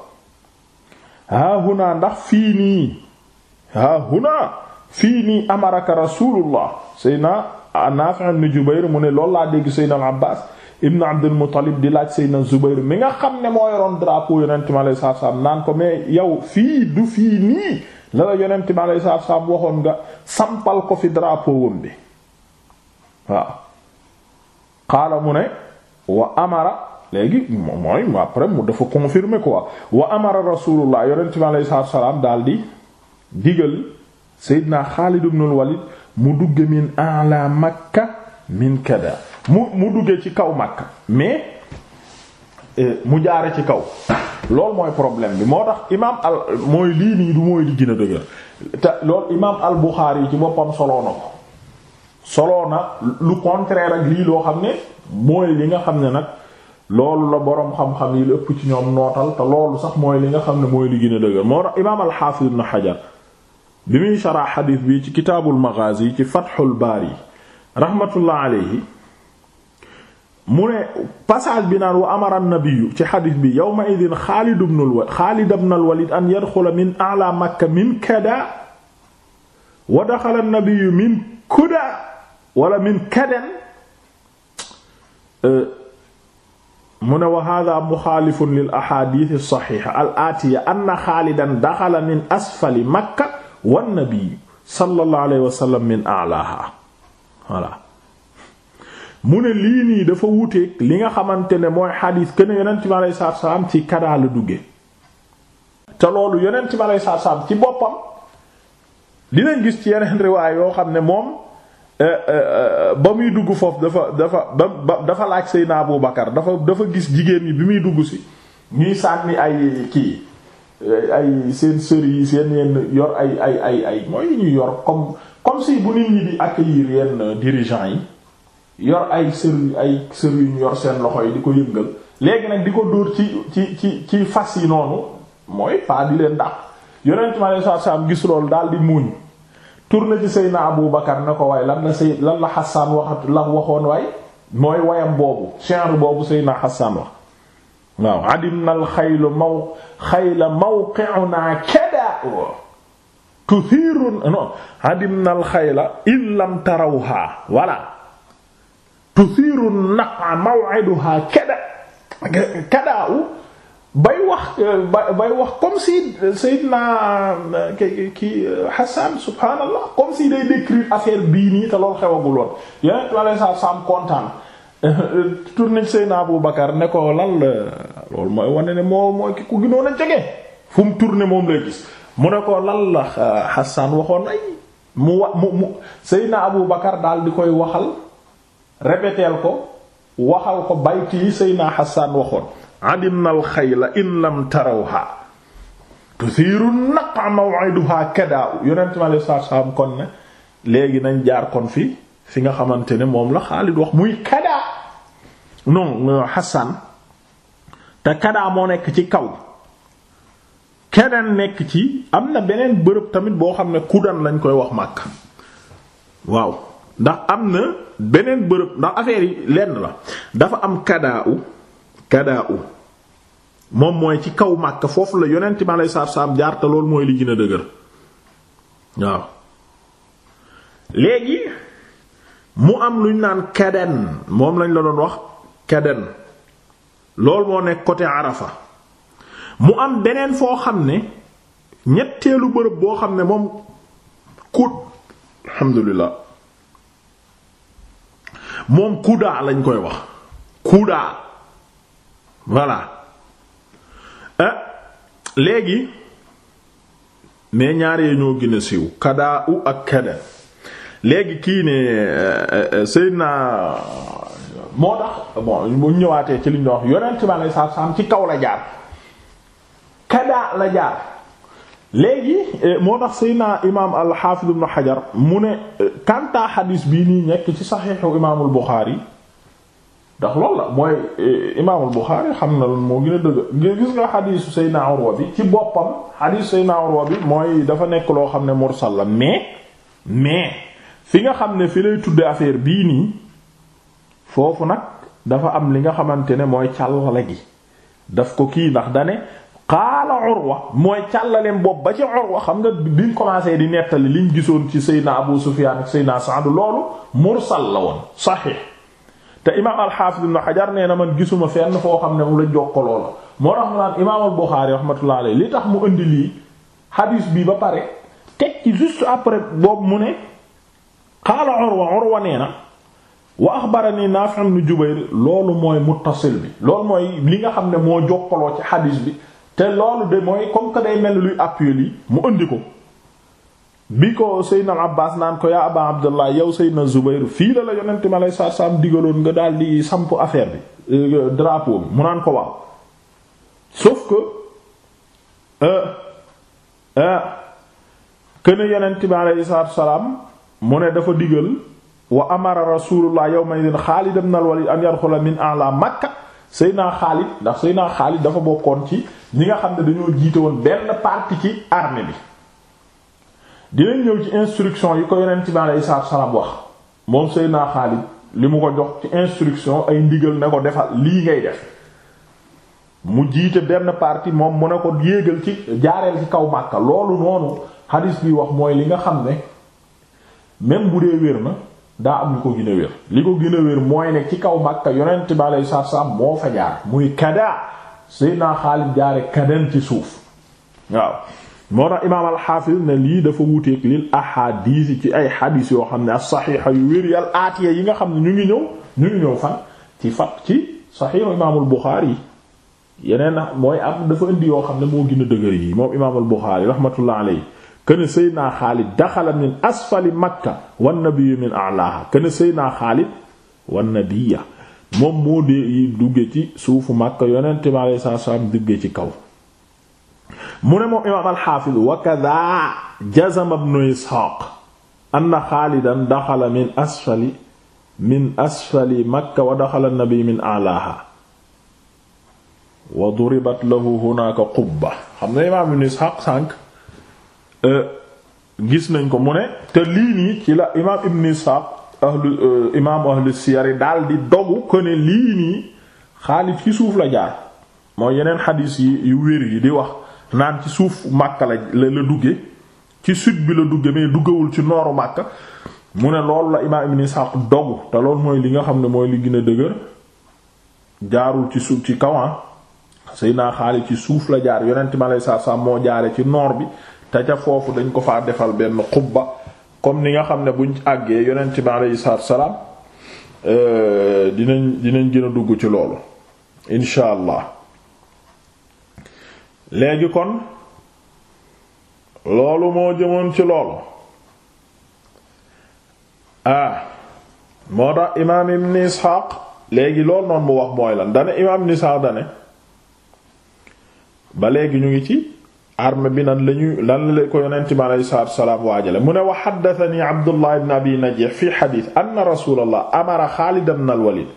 haa huna ndax fii nii haa huna fii nii amaraka Rasulullah Seydina Nafi' ibn Jubayr mu ne loolu laa dégg Seydina Abbas ibn Abdul Muttalib di laaj Seydina Zubayr mi nga xam ne moo yoroon drapeau yonent mi alayhi salaatu salaam naan ko mais yow fii du fii nii la la yonent mi alayhi salaam waxoon nga sampal ko fi drapeau wam bi waaw xaala mu ne wa amara léegi mooy après mu dafa confirmer quoi wa amara rasulullah yonent mi alayhi salaatu salaam daal di digal Seydina Xaalid ibn al mu dugge min ala Makka min kada mu mu duggee ci kaw Makka mais euh, mu jaare ci kaw lool mooy problème bi moo tax imaam al mooy lii nii du mooy li gën a dëgër te loolu imaam al Buxaari yi ci boppam soloo ko soloo na lu contraire ak lii loo xam ne mooy li nga xam ne nag loolu la boroom xam-xam yi lu ëpp ci ñoom nootal te loolu sax mooy li nga xam ne mooy li gën a dëgër moo tax imaam al-Hafiz na Hajar bi muy sharah xadiis bi ci kitaabul Maghaazi ci baar yi rahmatullah alayhi mu ne passage bi naan wa amara nabiyu ci xadis bi yawma idin Xaalid ibn al Xaalid ibn al Walid an yadxula min a'la Makka min kada wa daxala nabiyu min kuda wala min kadan mu ne wa hada muxaalifun lil ahadith as-saxiixa al aatiya anna Xaalidan daxala min asfali Makka wan nabiyu sallallahu alayhi wa sallam min a'laha voilà mu ne lii nii dafa wuuteeg li nga xamante ne mooy xadiis yeneen ci ma aleyhi salaatu salaam ci kadaa la dugge te loolu yonent bi aleyhi salaatu salaam ci boppam dinañ gis ci yeneen riwaay yoo xam ne moom euh, euh, ba muy dugg foofu dafa dafa ba dafa laaj Seydina Abu Bakar dafa dafa gis jigéen yi bi muy dugg si ñuy sànni ay ci euh, ay seen sër yi seen yenn yor ay ay ay ay mooy ñuy yor comme comme si bu nit ñi di accueillir yenn dirigeants yi. yor ay sër ay sër yuñ yor seen loxo yi di ko yëngal léegi nag di ko dóor ci ci ci ci fas yi noonu mooy paa di leen dàq yonent mi alayhi salaam gis loolu daal di muuñ tourné ci sëy Seydina Abu Bakar ne ko waaye lan la say lan la Hassan waxat la waxoon waay mooy wayam boobu chenre boobu Seydina Hassan wax waaw adim nal xaylu maw xayla mawqi'una kada tuthiru non adim nal xayla in lam tarawha voilà tusiiru nafa maw'iduha kada kadaawu wax bay wax comme si Seydina bii nii te loolu xewagul woon kontaan tourné Seydina Abu Bakar ne ko lal la loolu mooy ne moo mooy la Hassan waxoon ay mu wa mu mu Seydina Abu Bakar daal di koy waxal répéteel ko waxal ko bayt yi Seydina Hassan waxoon adimna alxayla in lam tarawha tuthiru naqa maw'iduha kadaa'u yonent mi alayhi salaatu salaam kon ne léegi nañ jaar kon fi fi nga xamante ne moom la Xaalid wax muy kadaa non euh, Hassan te kadaa moo nekk ci kaw keneen nekk ci am na beneen bërëb tamit boo xam ne kudan lañ koy wax màkk waaw ndax am na beneen bërëb ndax affaire yi lenn la dafa am kadaaw kadaaw moom mooy ci kaw Makka foofu la yonent mi aleyhi salaatu saab jaar te loolu mooy li gën a dëgër waaw léegi mu am lu ñu naan kaden moom lañ la doon wax kaden loolu moo nekk côté Arafa mu am beneen foo xam ne ñetteelu bërëb boo xam ne moom ku alhamdulillah moom kudaa lañ koy wax kudaa voilà ah léegi mais ñaaree ñoo gën a siiw kadaa u ak kada léegi kii ne eh, eh, Seydina moo tax bon bu ñëwaatee ci liñ doon wax yonent bi aleyhi salaatu salaam ci kaw la jaar kadaa la jaar léegi euh, moo tax Seydina imaam al-Hafiz ibn Hajar mu ne kanta euh, xadis bii nii nekk ci saxiixu imaamul Buxaari ndax loolu la mooy euh, imaamul Buxaari xam na loolu moo gën a dëgg gis nga xadisu Seydina Urwa bi ci boppam xadisu Seydina Urwa bi mooy dafa nekk loo xam ne mursal la mais mais fi nga xam ne fi lay tudde affaire bii nii foofu nag dafa am li nga xamante ne mooy càllale gi daf ko kii ndax dane qaala Urwa mooy càllaleem bopp ba ci Urwa xam nga biñ commencé di nettali liñ gisoon ci Seydina Abu Sufyaan ak Seydina Sa'd loolu mursal la woon saxiix te imaam al-Haafiz Ibn Hajar nee na man gisuma fenn foo xam ne mu la jokkaloo la moo tax mu naan imaam al-Buxaari tax mu indi lii hadis bi ba pare teg ci juste mu ne qaala Urwa Urwa nee na wa axbarani Naafi' ibn Jubayr loolu mooy muttasil bi loolu mooy li nga xam ne moo jokkaloo ci hadis bi te loolu de mooy comme que day mel luy appuyer mu indi ko bi ko Seydina Abbas naan ko yaa Aba Abdallah yow Seydina Zubayr fii la la yonent ma lay daal di samp affaire bi euh, drapeau mu naan ko waaw sauf que euh euh que ne yonent ma lay saa salaam mu ne dafa digal wa amara rasulullah yawma idin Khalid ibn al-Walid an yadkhula min a'la Makkah naa Xaalid ndax sëy Seydina Xaalid dafa bokkoon ci li nga xam ne dañoo jiite woon benn partie ci armée bi dinañ ñëw ci instruction yi ko yonent bi alayhi salaatu salaam wax moom Seydina Xaalid li mu ko jox ci instruction ay ndigal ne ko defal lii ngay def mu jiite benn partie moom mu ne ko yéegal ci jaareel ci kaw Makka loolu noonu hadis bi wax mooy li nga xam ne même bu dee wér na daa am li ko gën a wér li ko gën wér mooy ne ci kaw Makka yonent bi aleyhi salaatu salaam moo fa jaar muy kada Seydina Xaalid jaare kadan ci suuf waaw moo tax imaam alxaafis ne lii dafa wuuteeg lil ahadis ci ay xadis yoo xam ne as-saxiixa yu wér yal aatiya yi nga xam ne ñu ngi ñëw ñu ngi ñëw fan ci fat ci saxiixu imaamul Buxaari yi yeneen mooy am dafa indi yoo xam ne moo gin a dëgër yi moom imaamul Buxaari rahmatullah alayhi këne seydinaa xaalid daxala min asfali makka wan nabiyyu min a'laha këne seydinaa xaalid wan nabiyya moom moo dee dugge ci suufu makka yonent bi alayhi salaam dugge ci kaw mu ne moom imaam alxaafiz wa jazama ibnu isxaaq anna xaalidan daxala min asfali min asfali makka wa daxala an min a'laha wa duribat lahu hunaaka qubba Euh, gis nañ ko mu ne te lii nii ci la imaam Ibn Ishaq ahlu euh, imaam ahlu siyar daal di dogu ko ne lii nii Xaalid ci suuf la jaar mooy yeneen xadiis yu wér yi di wax naan ci suuf Makka la la dugge ci sud bi la dugge mais duggawul ci nooru Makka mu ne loolu la imaam Ibn Ishaq dogu te loolu mooy li nga xam ne mooy li gën a dëgër jaarul ci suuf ci kawan ah. naa Xaalid ci suuf la jaar yonent ma lay saa saa moo jaare ci noor bi te ca foofu dañ ko faa defal benn xubba comme ni nga xam ne buñ àggee yonent bi aleyhi salaatu salaam euh, dinañ dinañ gën a dugg ci loolu incha léegi kon loolu moo jëmoon ci loolu ah moo tax imaam ibn Isxaaq léegi lool noonu mu wax mooy lan dane imaam ibn Isxaaq dane ba léegi ñu ngi ci arme bi nan lañu lan la ko yonente bi aleyhi salaatu wasalaam waajale mu ne wa xaddatani abdullah ibn abi najih fi xadis anna rasulallah amara xaalid ibn al-walid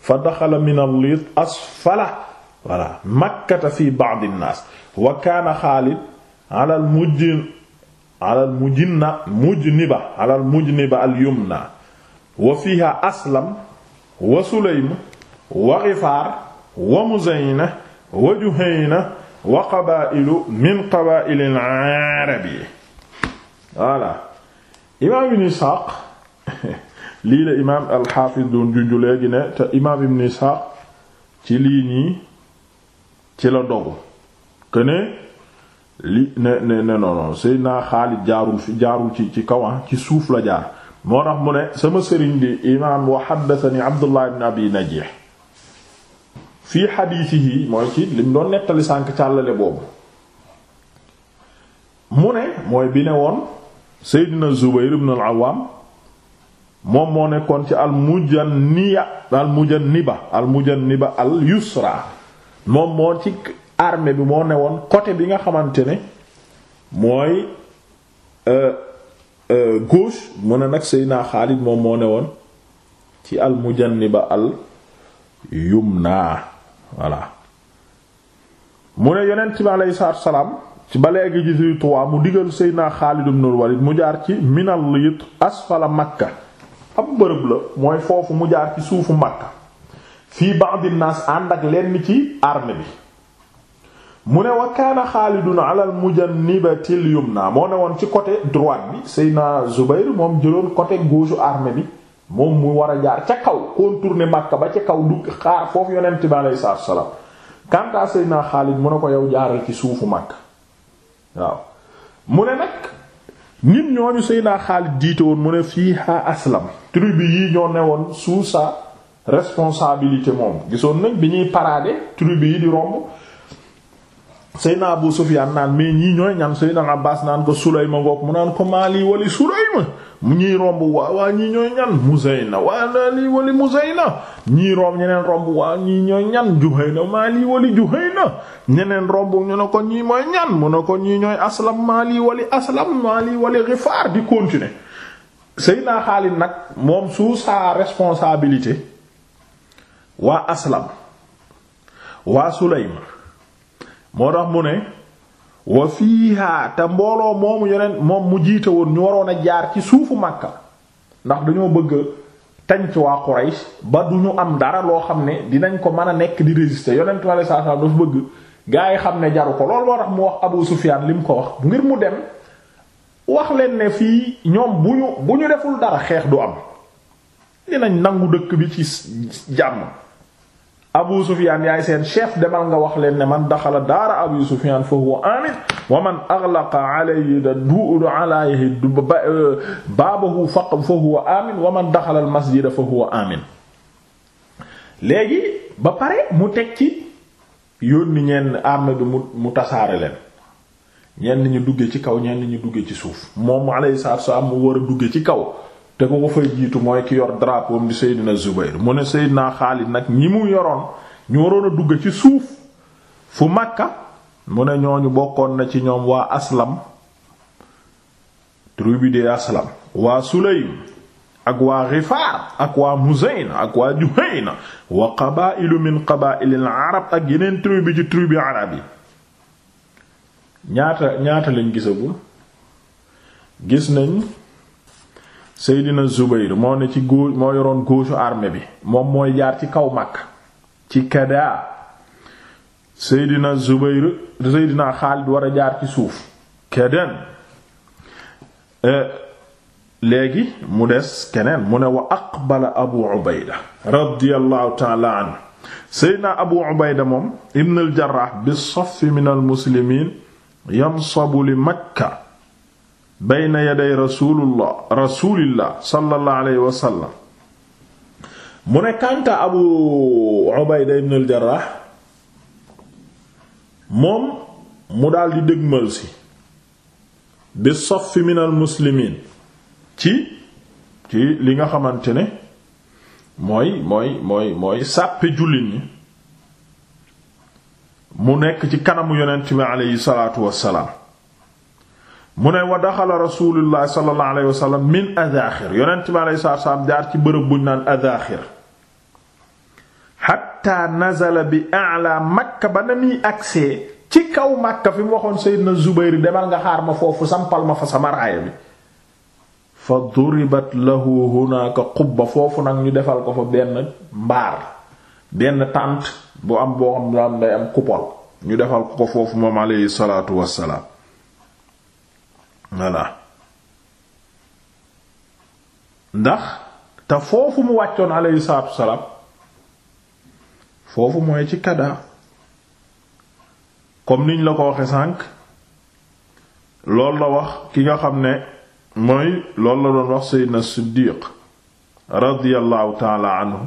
fa daxala min al-liit asfala wala makkata fi ba'd an-naas wa kaana xaalid ala al-mujin ala al-mujinna mujniba ala al-mujniba al-yumna wa fiiha aslam wa sulaym wa gifaar wa muzayna wa juhayna wa qabaa'ilu min qabaa'ilil arabi voilà imaam ibn Isxaaq lii la imaam alxaafis doon junju léegi ne te imaam ibn Isxaaq ci lii nii ci la dogu këne li ne ne ne non Seydina Xaalid jaarul fi jaarul ci ci kawan ah, ci suuf la jaar moo tax mu ne sama sëriñ di imaam wa xaddasani Abdullah ibn Abi Najiih fii xadiisihi mooy ci lim doon nettali sànk càllale boobu mu ne mooy bi ne woon seydina zubayr ibn al awaam moom moo nekkoon ci al mujanniya al mujanniba al mujanniba al yusra moom moo ci armée bi moo ne woon côté bi nga xamante ne mooy euh, euh, gauche mu ne nag seydina xaalid moom moo ne woon ci al mujanniba al yumna voilà mu ne yonent bi aleyhi salaam ci ba léegi ji si tuwaa mu digal Seydina Xaalid ibn Walid mu jaar ci minal lit asfala Makka ab bërëb la mooy foofu mu jaar ci suufu Makka fii ba'd an-naas ànd ak lenn ci arme bi mu ne wa kaana alal ala al-mujannibatil yumna moo ne woon ci côté droite bi naa Zubayr moom jëloon côté gauche arme bi moom mu war a jaar ca kaw contourner Makka ba ca kaw du xaar foofu yonent bi alayhi salaatu wassalaam kanta Seydina Xaalid mu ne ko yow jaaral ci suufu Makka waaw mu ne nag nit ñooñu Seydina Xaalid jiite woon mu ne fiiha aslam tribu yi ñoo ne woon sous sa responsabilité moom gisoon nañ bi ñuy parade tribu yi di romb Seydina Abu Sufyaan naan mais ñii ñooy ñan Seydina Abbaas naan ko Sulayma ngoog mu naan ko maali wali Sulayma mu ñii romb waa waa ñii ñooy ñan Muzayna waa naa lii wali Muzayna ñii romb ñeneen romb waa ñii ñooy ñan Juhayna maa lii wali Juhayna ñeneen romb ñu ne ko ñii mooy ñan mu ne ko ñii ñooy Aslam maa lii wali Aslam maa lii wali Ghifaar di continuer Seydina Xaalid nag moom sous saa responsabilité waa Aslam waa Sulaym moo tax mu ne wa fiiha te mbooloo moomu yonent moom mu jiite woon ñu waroon a jaar ci suufu Makka ndax dañoo bëgg tanc waa Quraysh ba du ñu am dara loo xam ne dinañ ko mën a nekk di résister yonent mi alayhi salaatu wa salaam dafa bëgg gaa yi xam ne jaru ko loolu moo tax mu wax Abu Sufyaan li mu ko wax ngir mu dem wax leen ne fii ñoom bu ñu bu ñu deful dara xeex du am nañ nangu dëkk bi ci jàmm abu sufiyaan yaay seen chef demal nga wax leen ne man daxala daara abu sufiyaan fa huwa amin wa man aghlaqa alayhi du alayhi euh, baabahu fa huwa amin wa man daxala masjida fa huwa amin léegi ba pare mu teg ci yónni ñenn arme bi mu mu tasaare leen ñenn ñu duggee ci kaw ñenn ñu duggee ci suuf moom alayhi salaatu wa salaam mu war a dugge ci kaw te ku ko fay jiitu mooy ki yor drapeau di Seydina Zubayr mu ne Seydina Xaalid nag ñi mu yoroon ñu waroon a dugg ci suuf fu Makka mu ne ñooñu bokkoon na ci ñoom waa Aslam tribu de Aslam waa Sulaym ak waa Ghifaar ak waa Muzayna ak waa Juhayna wa qabaa'ilu min qabaa'ilil arab ak yeneen tribu ci tribu arab ñaata ñaata lañ gisagul gis nañ Seydina Zubayr moo ne ci góor moo yoroon góosu armée bi moom mooy jaar ci kaw Makka ci Kada Seydina Zubayr Seydina Xaalid war a jaar ci suuf Kadan e, léegi mu des keneen mu ne wa aqbala Abu Ubayda radiyallahu ta'ala anhu Seydina Abu Ubayda moom ibn al bi saff min al yansabu li Makka bayna yaday rasulullah rasulillah sallallahu alayhi wa sallam mu ne kànta abu ubayda ibn al moom mu daldi dëgmal si bi soffi minal muslimin ci ci li nga xamante ne mooy mooy mooy mooy sàppe jullit ñi mu nekk ci kanamu yonent bi aleyhi salaatu wassalaam mu ne wa daxala rasulullah sallallahu alayhi wasallam min adaaxir yonent bi alayhi salaatu salaam jaar ci bërëb buñ naan adaaxir xatta nazala bi a'la makka ba na muy agsee ci kaw makka fi mu waxoon na zubayr demal nga xaar ma foofu sampal ma fa sama raaya bi fa duribat lahu hunaaka qubba foofu nag ñu defal ko fa benn mbaar benn tànt bu am boo xam ne day am coupole ñu defal ko foofu moom alayhi salaatu wassalaam voilà ndax te foofu mu wàccoon alayhi salaatu wasalaam foofu mooy ci kada comme niñ la ko waxe sànq loolu la wax ki nga xam ne mooy loolu la doon wax Seydina Siddiq radiyallahu taala anhu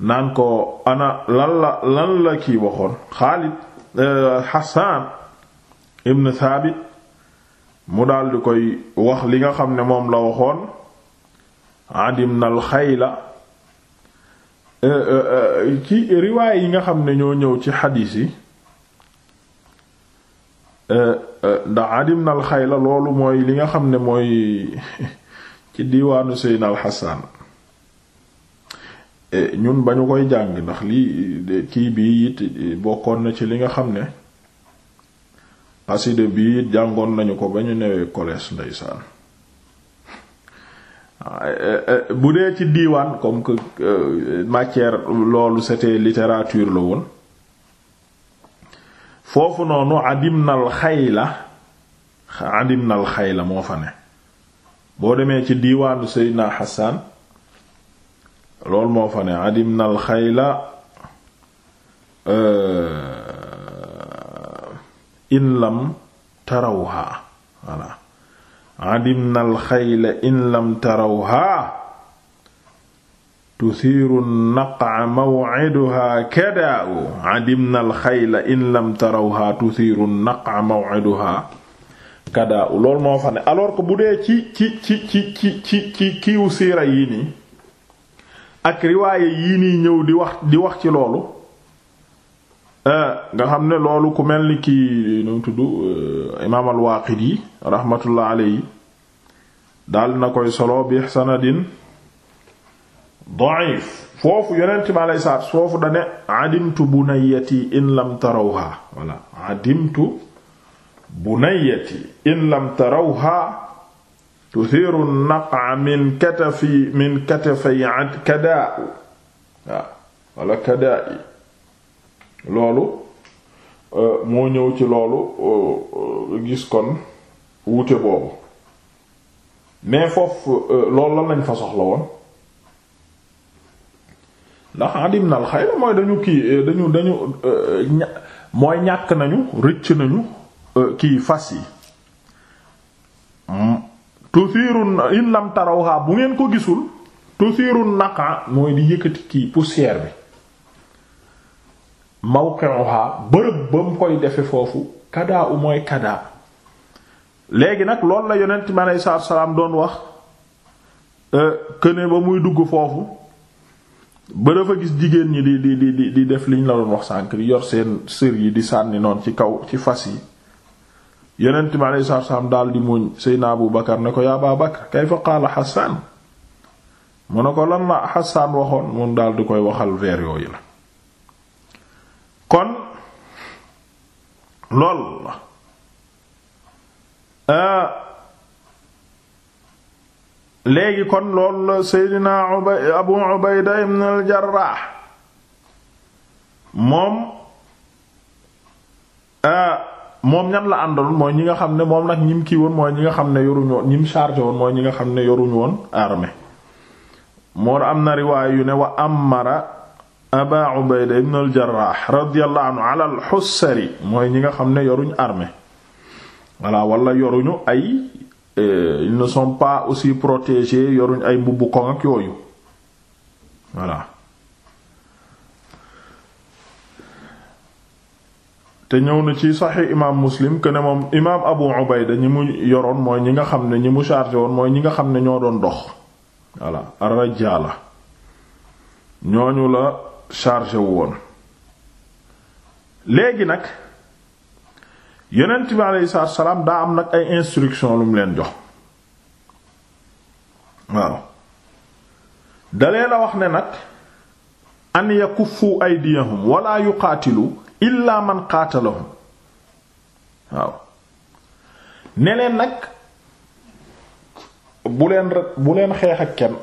naan ko ana lan la lan la kii waxoon Xaalid euh, Hassan ibn Thabit mu daldi koy wax li nga xam ne moom la waxoon adim nal xayla ci riwaay yi nga xam ne ñoo ñëw ci xadiis yi euh, euh, ndax adim nal xayla loolu mooy li nga xam ne mooy ci diiwaanu seyn al euh, ñun ba ñu koy jàng ndax lii kii bii it bokkoon na ci li nga xam ne xasida bi jàngoon nañu ko ba ñu newee collège ndeysaan ah, eh, eh, eh, bu dee ci diiwaan comme que euh, matière loolu c'était littérature la woon foofu noonu adim nal xayla adim nal xayla moo fa ne boo demee ci diiwaanu Seydina Hassan loolu moo fa ne adim nal xayla euh in lam tarawhaa voilà adimna alxayla in naqa mawciduha kadaa'u adimna moo fa ne alors que bu dee ci ci ci ci ci ci ci siira yii nii ak riwaaya yii nii ñëw di wax di wax ci loolu Eh, nga xam ne loolu ku mel ni kii nu tudd eh, imaam al-Waaqidi rahmatullah alayhi na koy solo bi sanadin da'if foofu yonent bi alayhi salaatu foofu da ne adimtu bunayyati in lam tarawha wala adimtu bunayyati min katafi min katafay kada wala loolu euh, moo ñëw ci loolu euh, euh, gis kon wute boobu mais foofu loolu la lañ fa soxla woon ndax adim nal xay mooy dañu kii dañu dañu mooy ñàkk nañu rëcc nañu kii fas yi hmm. tusirun in lam tarawha bu ngeen ko gisul tusirun naqa mooy di yëkkati kii poussière bi mawqi'uha bërëb ba mu koy defe foofu kadaa u mooy kadaa léegi nag loolu la yonent mi aleyhi salaam doon wax këne euh, ba muy dugg foofu ba dafa gis jigéen ñi di di di di def liñ la doon wax sànk di yor seen sër yi di sànni noonu ci kaw ci fas yi yonent mi aleyhi salaatu salaam daal di muñ Seydina Abu Bakar ne ko yaa Abaa Bakar kayfa qaala Hassan mu ne ko lan la Hassan waxoon mun daal di koy waxal veer yooyu la kon loolu euh, léegi kon loolu la seydina abu ubayda ibn al jarrah moom euh, moom ñan la àndaloon mooy ñi nga xam ne moom nag ñim kii woon mooy ñi nga xam ne yoruñu woon ñim chargé woon mooy ñi nga xam ne yoruñu woon armée moo am na riwaay yu ne wa amara Aba Ubayda ibn al-Jarrah radiyallahu anhu ala al-Hussari mooy ñi nga xam ne yoruñu armée wala wala yoruñu ay euh, ils ne pas aussi protégés yoruñu ay mbubb koŋ ak yooyu te ñëw na ci saxi imaam Muslim que ne moom imaam Abu Ubayda ñi mu yoroon mooy ñi nga xam ne ñi mu chargé woon mooy ñi nga xam ne ñoo doon dox voilà ar-rijaala ñooñu la chargé wu woon léegi nag yonent bi aleyhi salaatu salaam daa am nag ay instruction lu leen jox waaw dalee la wax ne nag an yakuffu aydiyahum wala yuqaatilu illa man qaatalahum waaw ne leen nag bu leen bu leen xeex ak kenn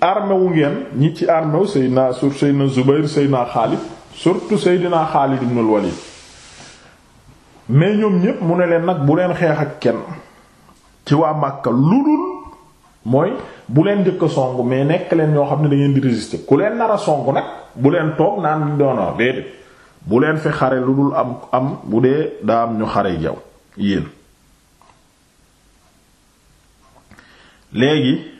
armé wu ngeen ñi ci armé wu Seydina sur Seydina Zubayr Seydina Xaalid surtout Seydina Xaalid ibn al-Walid mais ñoom ñépp mu ne leen nag bu leen xeex ak kenn ci waa Makka lu dul mooy bu leen jëkk a song mais nekk leen ñoo xam ne dangeen di résister ku leen nar a song bu leen toog naan doono déedéet bu leen fi xare lu dul am am bu dee daa am ñu xare jaw yéen léegi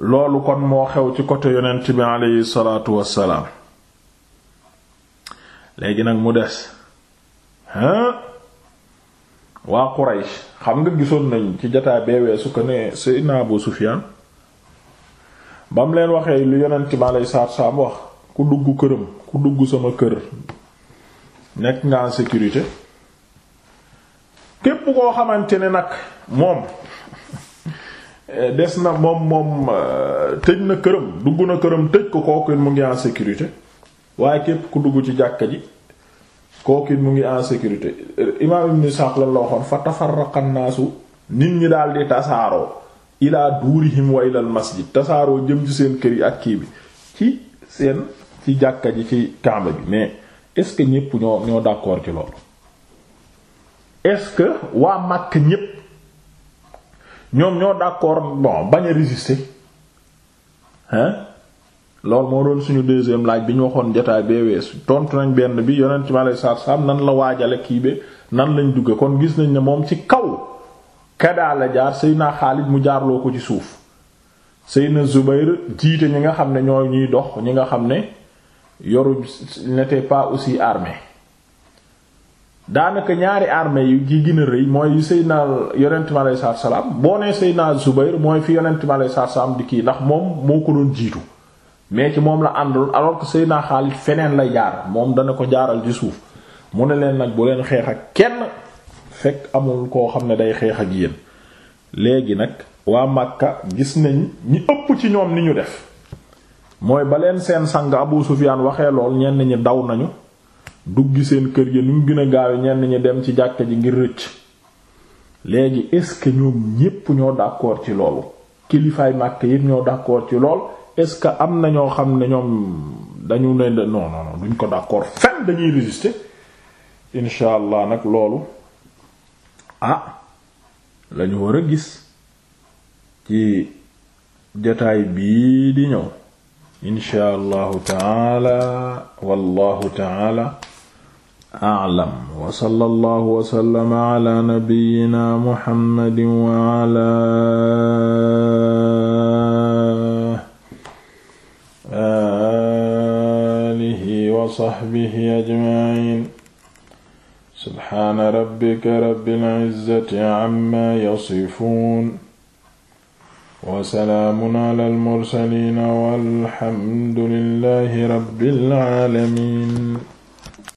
loolu kon moo xew ci côté yonent bi aleyhi salaatu wassalaam léegi nag mu des hein waa Quraysh xam nga gisoon nañ ci jotaay bee weesu ko ne Seydina Abu Sufyaan ba mu leen waxee lu yonent bi aleyhi salaatu wassalaam wax ku dugg këram ku dugg sama kër nekk nga en sécurité képp koo xamante ne nag moom Euh, des na moom moom euh, tëj na këram dugg na këram tëj ko kooku it mu ngi en sécurité waaye képp ku dugg ci jàkka ji kooku mu ngi en sécurité euh, imaam ibn Sa'd la waxoon fa tafarraqa naasu nit ñi daal di tasaaroo ilaa duurihim wa ilal masjid tasaaroo jëm ci seen kër yi ak kii bi ci seen ci jàkka ji ci Kaaba bi mais est-ce que ñépp ñoo ñoo ci loolu est-ce que waa Makka ñépp ñoom ñoo d'accord bon bañ a résister hein loolu moo doon suñu deuxième laaj bi ñu waxoon jotaay bee weesu tontu nañ benn bi yonent bi alayhi salaatu salaam nan la waajale kii be nan lañ duggee kon gis nañ ne moom ci kaw kadaa la jaar naa Xaalid mu jaarloo ko ci suuf Seydina Zubayr jiite ñi nga xam ne ñoo ñuy dox ñi nga xam ne yoru n'était pas aussi armé daanaka ñaari armée yu gi gën a rëy mooy yu Seydina yonent mi alayhi salaatu salaam boo nee Seydina Zubayr mooy fi yonent mi alayhi salaatu salaam di kii ndax moom moo ko doon jiitu mais ci moom la àndaloon alors que Seydina Xaalid feneen lay jaar moom dana ko jaaral ci suuf mu ne leen nag bu leen xeex ak kenn fekk amul koo xam ne day xeex ak yéen léegi nag waa Makka gis nañ ñi ëpp ci ñoom ni ñu def mooy ba leen seen sang Abu Sufyaan waxee lool ñenn ñi daw nañu duggi seen kër gi nu mu gën a gaawe ñenn ñi dem ci jàkka ji ngir rëcc léegi est-ce que ñoom ñépp ñoo d'accord ci loolu kilifaay màkk yépp ñoo d'accord ci lool est-ce que am na ñoo xam ne ñoom dañu ne non non non duñ ko d'accord fenn dañuy résister incha allah nag loolu ah lañu war a gis ci jotaay bii di ñëw incha allahu taala wallahu taala a'lam wa sallallahu wa sallama ala nabiyyina muhammadin wa ala alihi wa sahbihi ajma'in subhaana rabbika rabbil izzati amma yasifun wa salaamun alal mursaliin walhamdulillahi rabbil aalamiin